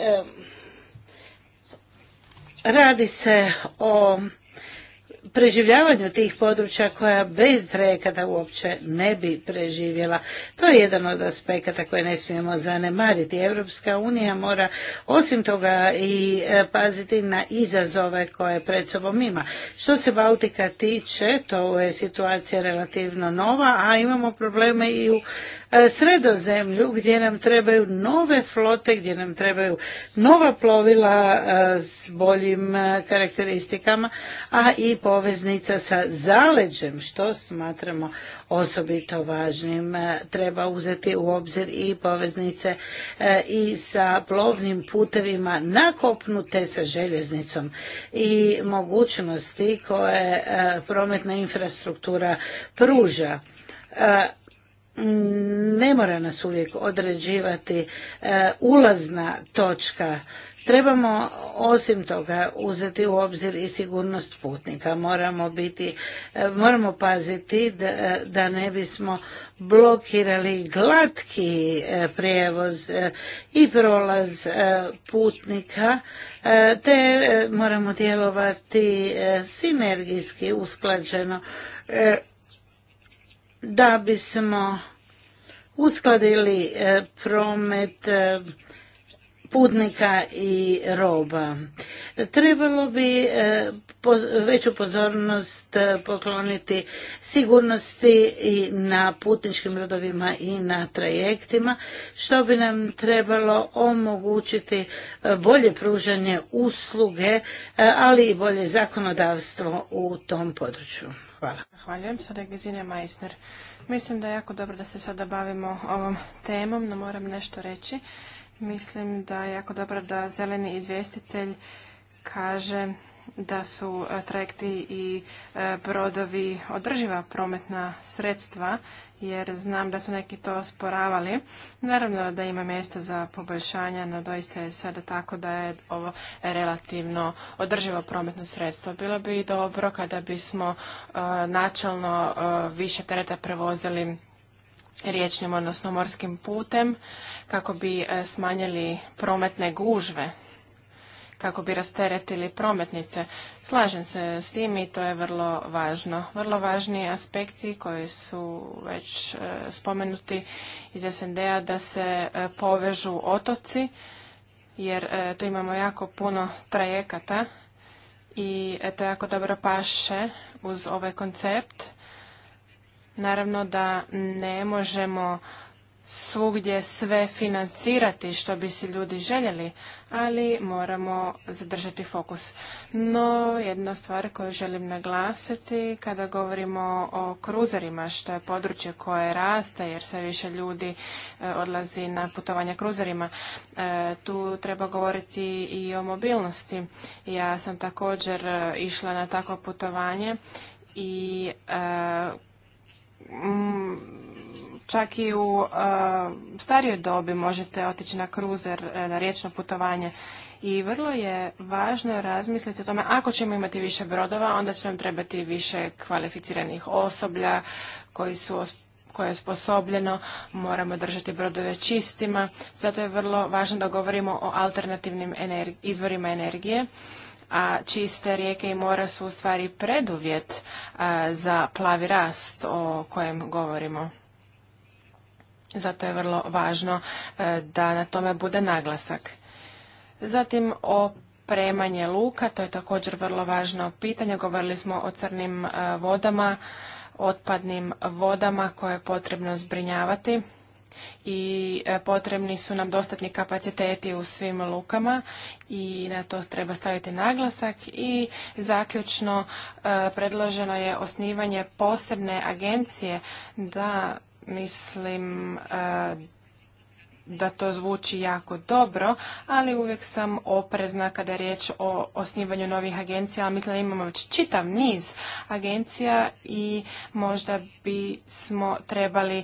[SPEAKER 4] radi se o preživljavanju tih područja koja bez trajekata uopće ne bi preživjela. To je jedan od aspekata koje ne smijemo zanemariti. Europska unija mora osim toga i e, paziti na izazove koje pred sobom ima. Što se Baltika tiče, to je situacija relativno nova, a imamo probleme i u E, sredozemlju gdje nam trebaju nove flote, gdje nam trebaju nova plovila e, s boljim e, karakteristikama, a i poveznica sa zaleđem, što smatramo osobito važnim. Treba uzeti u obzir i poveznice i sa plovnim putevima nakopnute sa željeznicom i mogućnosti koje prometna infrastruktura pruža ne mora nas uvijek određivati e, ulazna točka Trebamo osim toga uzeti u obzir i sigurnost putnika. Moramo biti, e, moramo paziti da, da ne bismo blokirali glatki e, prijevoz i prolaz putnika, te moramo djelovati sinergijski usklađeno da bismo uskladili e, promet e, putnika i roba. Trebalo bi e, veću pozornost pokloniti sigurnosti i na putničkim rodovima i na trajektima, što bi nam trebalo omogućiti bolje pružanje usluge, ali i bolje zakonodavstvo u tom području. Hvala.
[SPEAKER 3] Zahvaljujem. Sada Majsner. Mislim da je jako dobro da se sada bavimo ovom temom, no moram nešto reći. Mislim da je jako dobro da zeleni izvjestitelj kaže da su e, trajekti i e, brodovi održiva prometna sredstva, jer znam da su neki to osporavali. Naravno da ima mjesta za poboljšanja, no doista je sada tako da je ovo relativno održivo prometno sredstvo. Bilo bi dobro kada bismo e, načalno više tereta prevozili riječnim, odnosno morskim putem, kako bi smanjili prometne gužve kako bi rasteretili prometnice. Slažem se s tim i to je vrlo važno. Vrlo važni aspekti koji su već e, spomenuti iz SND-a da se e, povežu otoci jer e, tu imamo jako puno trajekata i to jako dobro paše uz ovaj koncept. Naravno da ne možemo svugdje sve financirati što bi si ljudi željeli, ali moramo zadržati fokus. No, jedna stvar koju želim naglasiti kada govorimo o kruzerima, što je područje koje raste jer sve više ljudi e, odlazi na putovanja kruzerima, e, tu treba govoriti i o mobilnosti. Ja sam također e, išla na takvo putovanje i Čak i u uh, starijoj dobi možete otići na kruzer, uh, na riječno putovanje. I vrlo je važno razmisliti o tome, ako ćemo imati više brodova, onda će nam trebati više kvalificiranih osoblja koji su koje je sposobljeno, moramo držati brodove čistima, zato je vrlo važno da govorimo o alternativnim izvorima energije, a čiste rijeke i mora su u stvari preduvjet uh, za plavi rast o kojem govorimo. Zato je vrlo važno e, da na tome bude naglasak. Zatim o premanje luka, to je također vrlo važno pitanje. Govorili smo o crnim e, vodama, otpadnim vodama koje je potrebno zbrinjavati i e, potrebni su nam dostatni kapaciteti u svim lukama i na to treba staviti naglasak i zaključno predloženo je osnivanje posebne agencije da Mislim e, da to zvuči jako dobro, ali uvijek sam oprezna kada je riječ o osnivanju novih agencija. Mislim da imamo već čitav niz agencija i možda smo trebali e,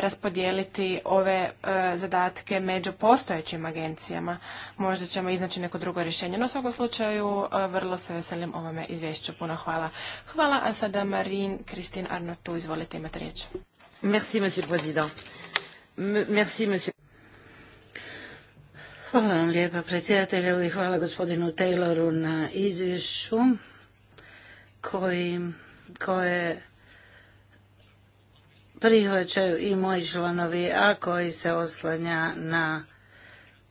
[SPEAKER 3] raspodijeliti ove e, zadatke među postojećim agencijama. Možda ćemo iznaći neko drugo rješenje. No u svakom slučaju vrlo se veselim ovome izvješću. Puno hvala. Hvala, a sada Marin Kristin tu Izvolite, imate riječ.
[SPEAKER 4] Hvala vam lijepa predsjedatelju i hvala gospodinu Tayloru na izvješću koje prihvaćaju i moji članovi, a koji se oslanja na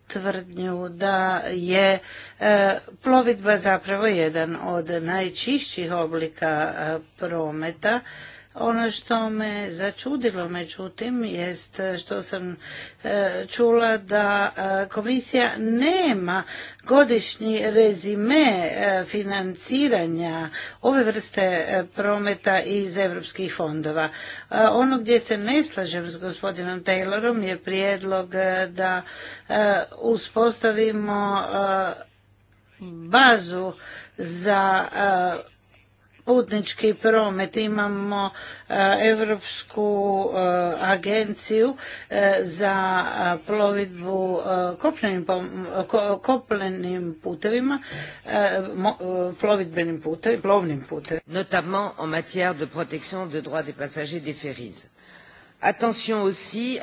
[SPEAKER 4] tvrdnju da je e, plovidba zapravo jedan od najčišćih oblika e, prometa ono što me začudilo međutim jest što sam e, čula da e, komisija nema godišnji rezime e, financiranja ove vrste prometa iz europskih fondova. Ono gdje se ne slažem s gospodinom Taylorom je prijedlog da uspostavimo bazu za putnički promet imamo europsku e, agenciju e, za e, plovidbu kopljenim putevima plovidbenim putevima plovnim putevima notamment en matière de protection de droits des passagers des ferries Attention aussi.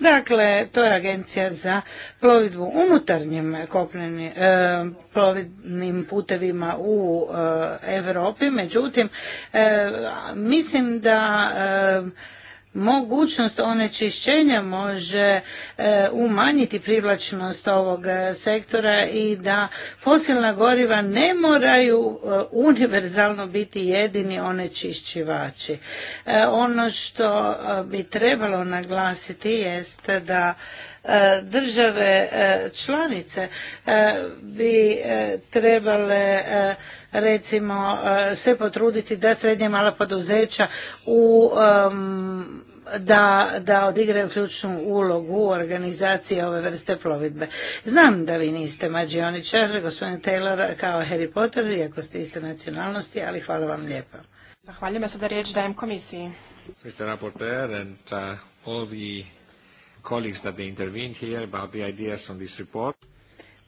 [SPEAKER 4] Dakle, to je agencija za plovidbu unutarnjim kopnenim e, plovidnim putevima u e, Europi. Međutim, e, mislim da mogućnost onečišćenja može e, umanjiti privlačnost ovog e, sektora i da fosilna goriva ne moraju e, univerzalno biti jedini onečišćivači. Ono što bi trebalo naglasiti jest da E, države e, članice e, bi trebale recimo se potruditi da srednje mala poduzeća u da, odigraju ključnu ulogu u organizaciji ove vrste plovidbe. Znam da vi niste mađioničar, gospodin Taylor, kao Harry Potter, iako ste iste nacionalnosti, ali hvala vam lijepa. Zahvaljujem, se da riječ dajem komisiji
[SPEAKER 2] colleagues that here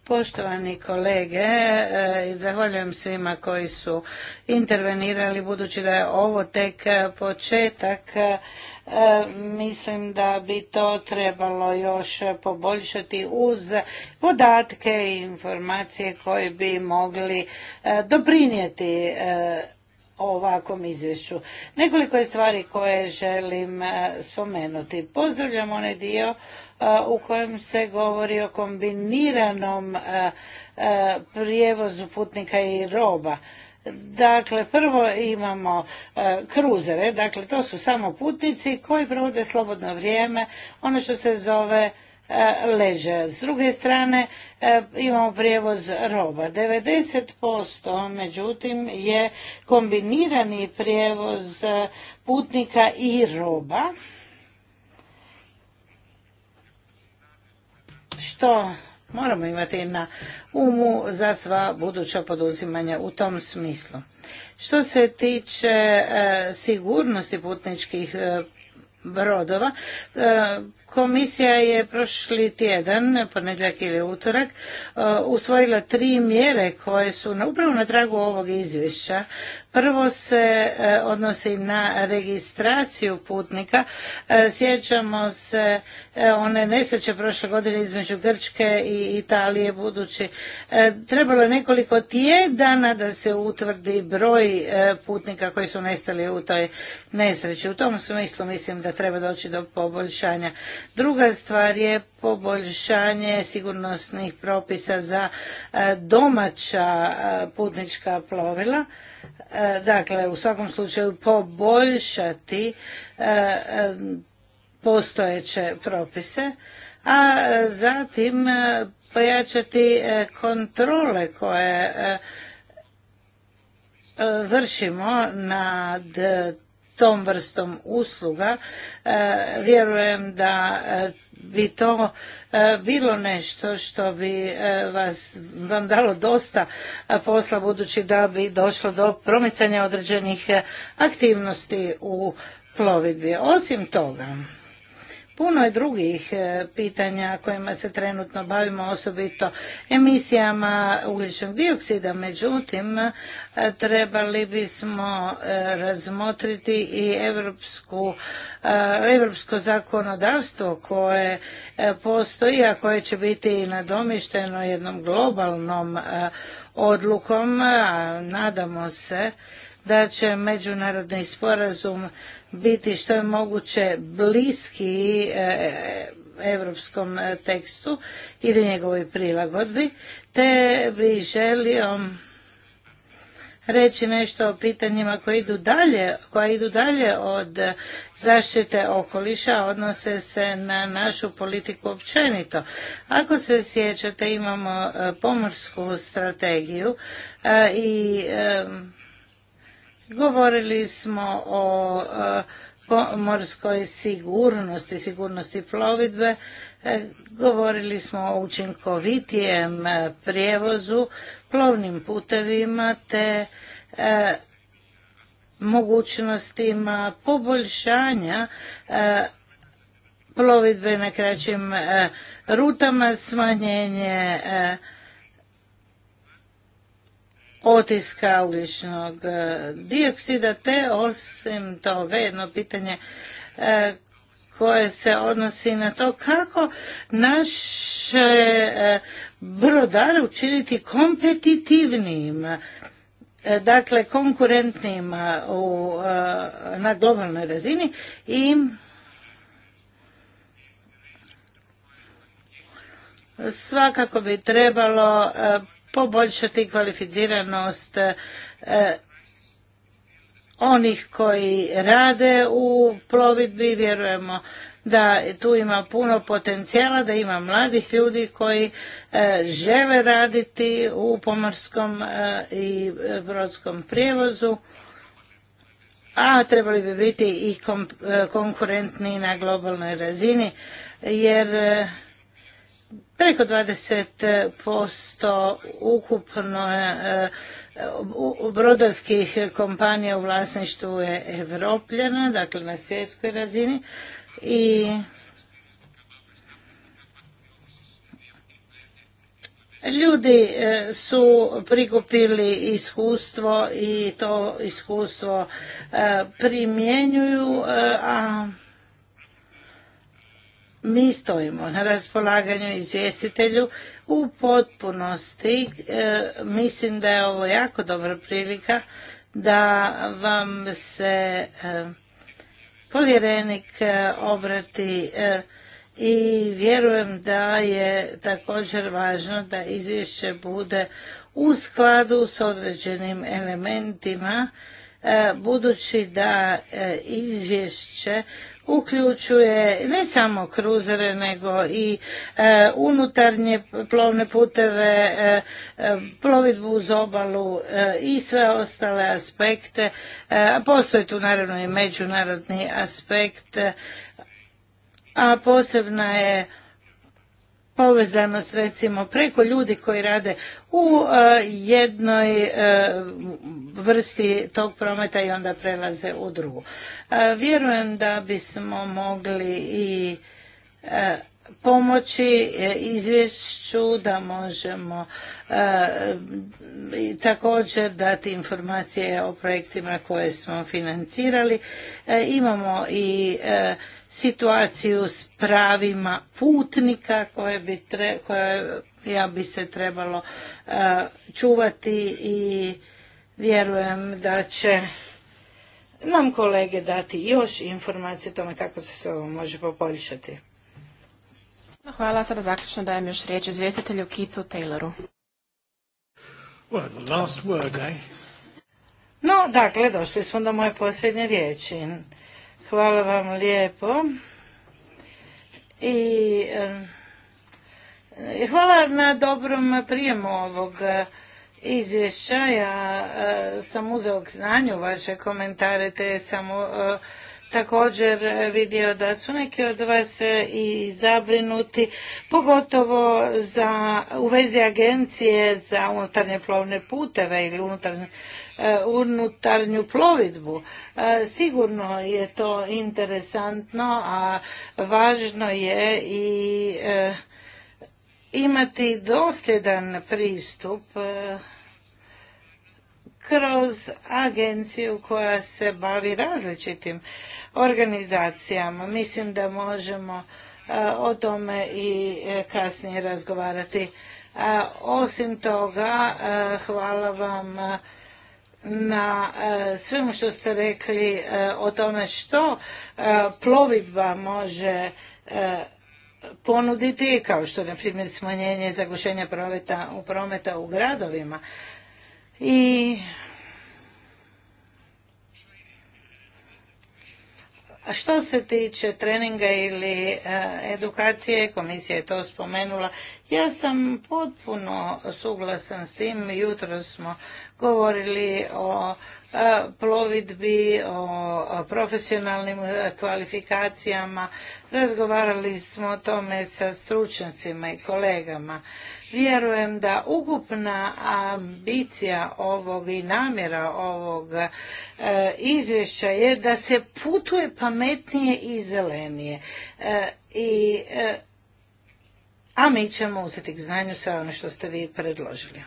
[SPEAKER 2] Poštovani
[SPEAKER 4] kolege, e, zahvaljujem svima koji su intervenirali, budući da je ovo tek početak, e, mislim da bi to trebalo još poboljšati uz podatke i informacije koje bi mogli e, doprinijeti ovakvom izvješću. Nekoliko je stvari koje želim e, spomenuti. Pozdravljam onaj dio e, u kojem se govori o kombiniranom e, prijevozu putnika i roba. Dakle, prvo imamo kruzere, dakle to su samo putnici koji provode slobodno vrijeme, ono što se zove E, leže. S druge strane e, imamo prijevoz roba. 90% međutim je kombinirani prijevoz putnika i roba. Što moramo imati na umu za sva buduća poduzimanja u tom smislu. Što se tiče e, sigurnosti putničkih brodova. E, komisija je prošli tjedan, ponedjeljak ili utorak, e, usvojila tri mjere koje su upravo na tragu ovog izvješća Prvo se e, odnosi na registraciju putnika. E, sjećamo se e, one nesreće prošle godine između Grčke i Italije budući. Trebalo je nekoliko tjedana da se utvrdi broj putnika koji su nestali u toj nesreći. U tom smislu mislim da treba doći do poboljšanja. Druga stvar je poboljšanje sigurnosnih propisa za domaća putnička plovila E, dakle u svakom slučaju poboljšati e, e, postojeće propise, a zatim pojačati kontrole koje vršimo nad tom vrstom usluga. E, vjerujem da e, bi to e, bilo nešto što bi vas, vam dalo dosta posla budući da bi došlo do promicanja određenih aktivnosti u plovidbi. Osim toga, Puno je drugih e, pitanja kojima se trenutno bavimo, osobito emisijama ugljičnog dioksida. Međutim, e, trebali bismo e, razmotriti i evropsku, evropsko zakonodavstvo koje postoji, a koje će biti nadomišteno jednom globalnom odlukom. Nadamo se da će međunarodni sporazum biti što je moguće bliski europskom tekstu ili njegovoj prilagodbi, te bi želio reći nešto o pitanjima koje koja idu dalje od zaštite okoliša, odnose se na našu politiku općenito. Ako se sjećate, imamo e, pomorsku strategiju e, i e, Govorili smo o e, pomorskoj sigurnosti, sigurnosti plovidbe, e, govorili smo o učinkovitijem e, prijevozu, plovnim putevima te mogućnostima poboljšanja plovidbe na kraćim rutama, smanjenje otiska ugljičnog e, dioksida, te osim toga jedno pitanje e, koje se odnosi na to kako naš e, brodar učiniti kompetitivnim, dakle konkurentnim na globalnoj razini i svakako bi trebalo poboljšati kvalificiranost e, onih koji rade u plovidbi. Vjerujemo da tu ima puno potencijala, da ima mladih ljudi koji e, žele raditi u pomorskom e, i brodskom prijevozu a trebali bi biti i konkurentni na globalnoj razini jer preko 20% ukupno e, brodarskih kompanija u vlasništvu je evropljena, dakle na svjetskoj razini i Ljudi e, su prikupili iskustvo i to iskustvo e, primjenjuju, a mi stojimo na raspolaganju izvjestitelju u potpunosti. E, mislim da je ovo jako dobra prilika da vam se e, povjerenik e, obrati i vjerujem da je također važno da izvješće bude u skladu s određenim elementima budući da izvješće uključuje ne samo kruzere nego i e, unutarnje plovne puteve, e, e, plovidbu uz obalu i sve ostale aspekte. Postoji tu naravno i međunarodni aspekt, a posebna je povezanost recimo preko ljudi koji rade u e, jednoj e, vrsti tog prometa i onda prelaze u drugu. E, vjerujem da bismo mogli i pomoći e, izvješću da možemo e, također dati informacije o projektima koje smo financirali. E, imamo i situaciju s pravima putnika koje bi ja bi se trebalo čuvati i vjerujem da će nam kolege dati još informacije o tome kako se sve ovo može poboljšati.
[SPEAKER 3] Hvala. Sada zaključno dajem još riječ izvjestitelju Keithu Tayloru.
[SPEAKER 1] Eh?
[SPEAKER 4] No, dakle, došli smo do moje posljednje riječi. Hvala vam lijepo. I eh, hvala na dobrom prijemu ovog eh, izvješća. Ja sam uzeo k znanju vaše komentare, te samo također e, vidio da su neki od vas e, i zabrinuti, pogotovo za, u vezi agencije za unutarnje plovne puteve ili e, unutarnju plovidbu. Sigurno je to interesantno, a važno je i imati dosljedan pristup kroz agenciju koja se bavi različitim organizacijama. Mislim da možemo e, o tome i e, kasnije razgovarati. E, osim toga, hvala vam na svemu što ste rekli o tome što plovidba može ponuditi, kao što na primjer smanjenje zagušenja prometa u, prometa u gradovima. I što se tiče treninga ili e, edukacije, komisija je to spomenula, ja sam potpuno suglasan s tim. Jutro smo govorili o e, plovidbi, o profesionalnim e, kvalifikacijama, razgovarali smo o tome sa stručnjacima i kolegama vjerujem da ukupna ambicija ovog i namjera ovog e, izvješća je da se putuje pametnije i zelenije. E, I e, a mi ćemo uzeti k znanju sve ono što ste vi predložili.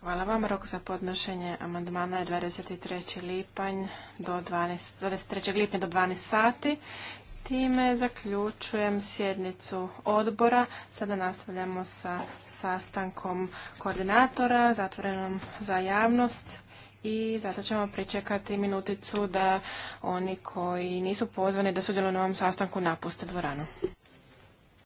[SPEAKER 3] Hvala vam. Rok za podnošenje amandmana je 23. lipanj do 12, 23. lipnja do 12 sati. Time zaključujem sjednicu odbora. Sada nastavljamo sa sastankom koordinatora, zatvorenom za javnost i zato ćemo pričekati minuticu da oni koji nisu pozvani da sudjeluju na ovom sastanku napuste dvoranu.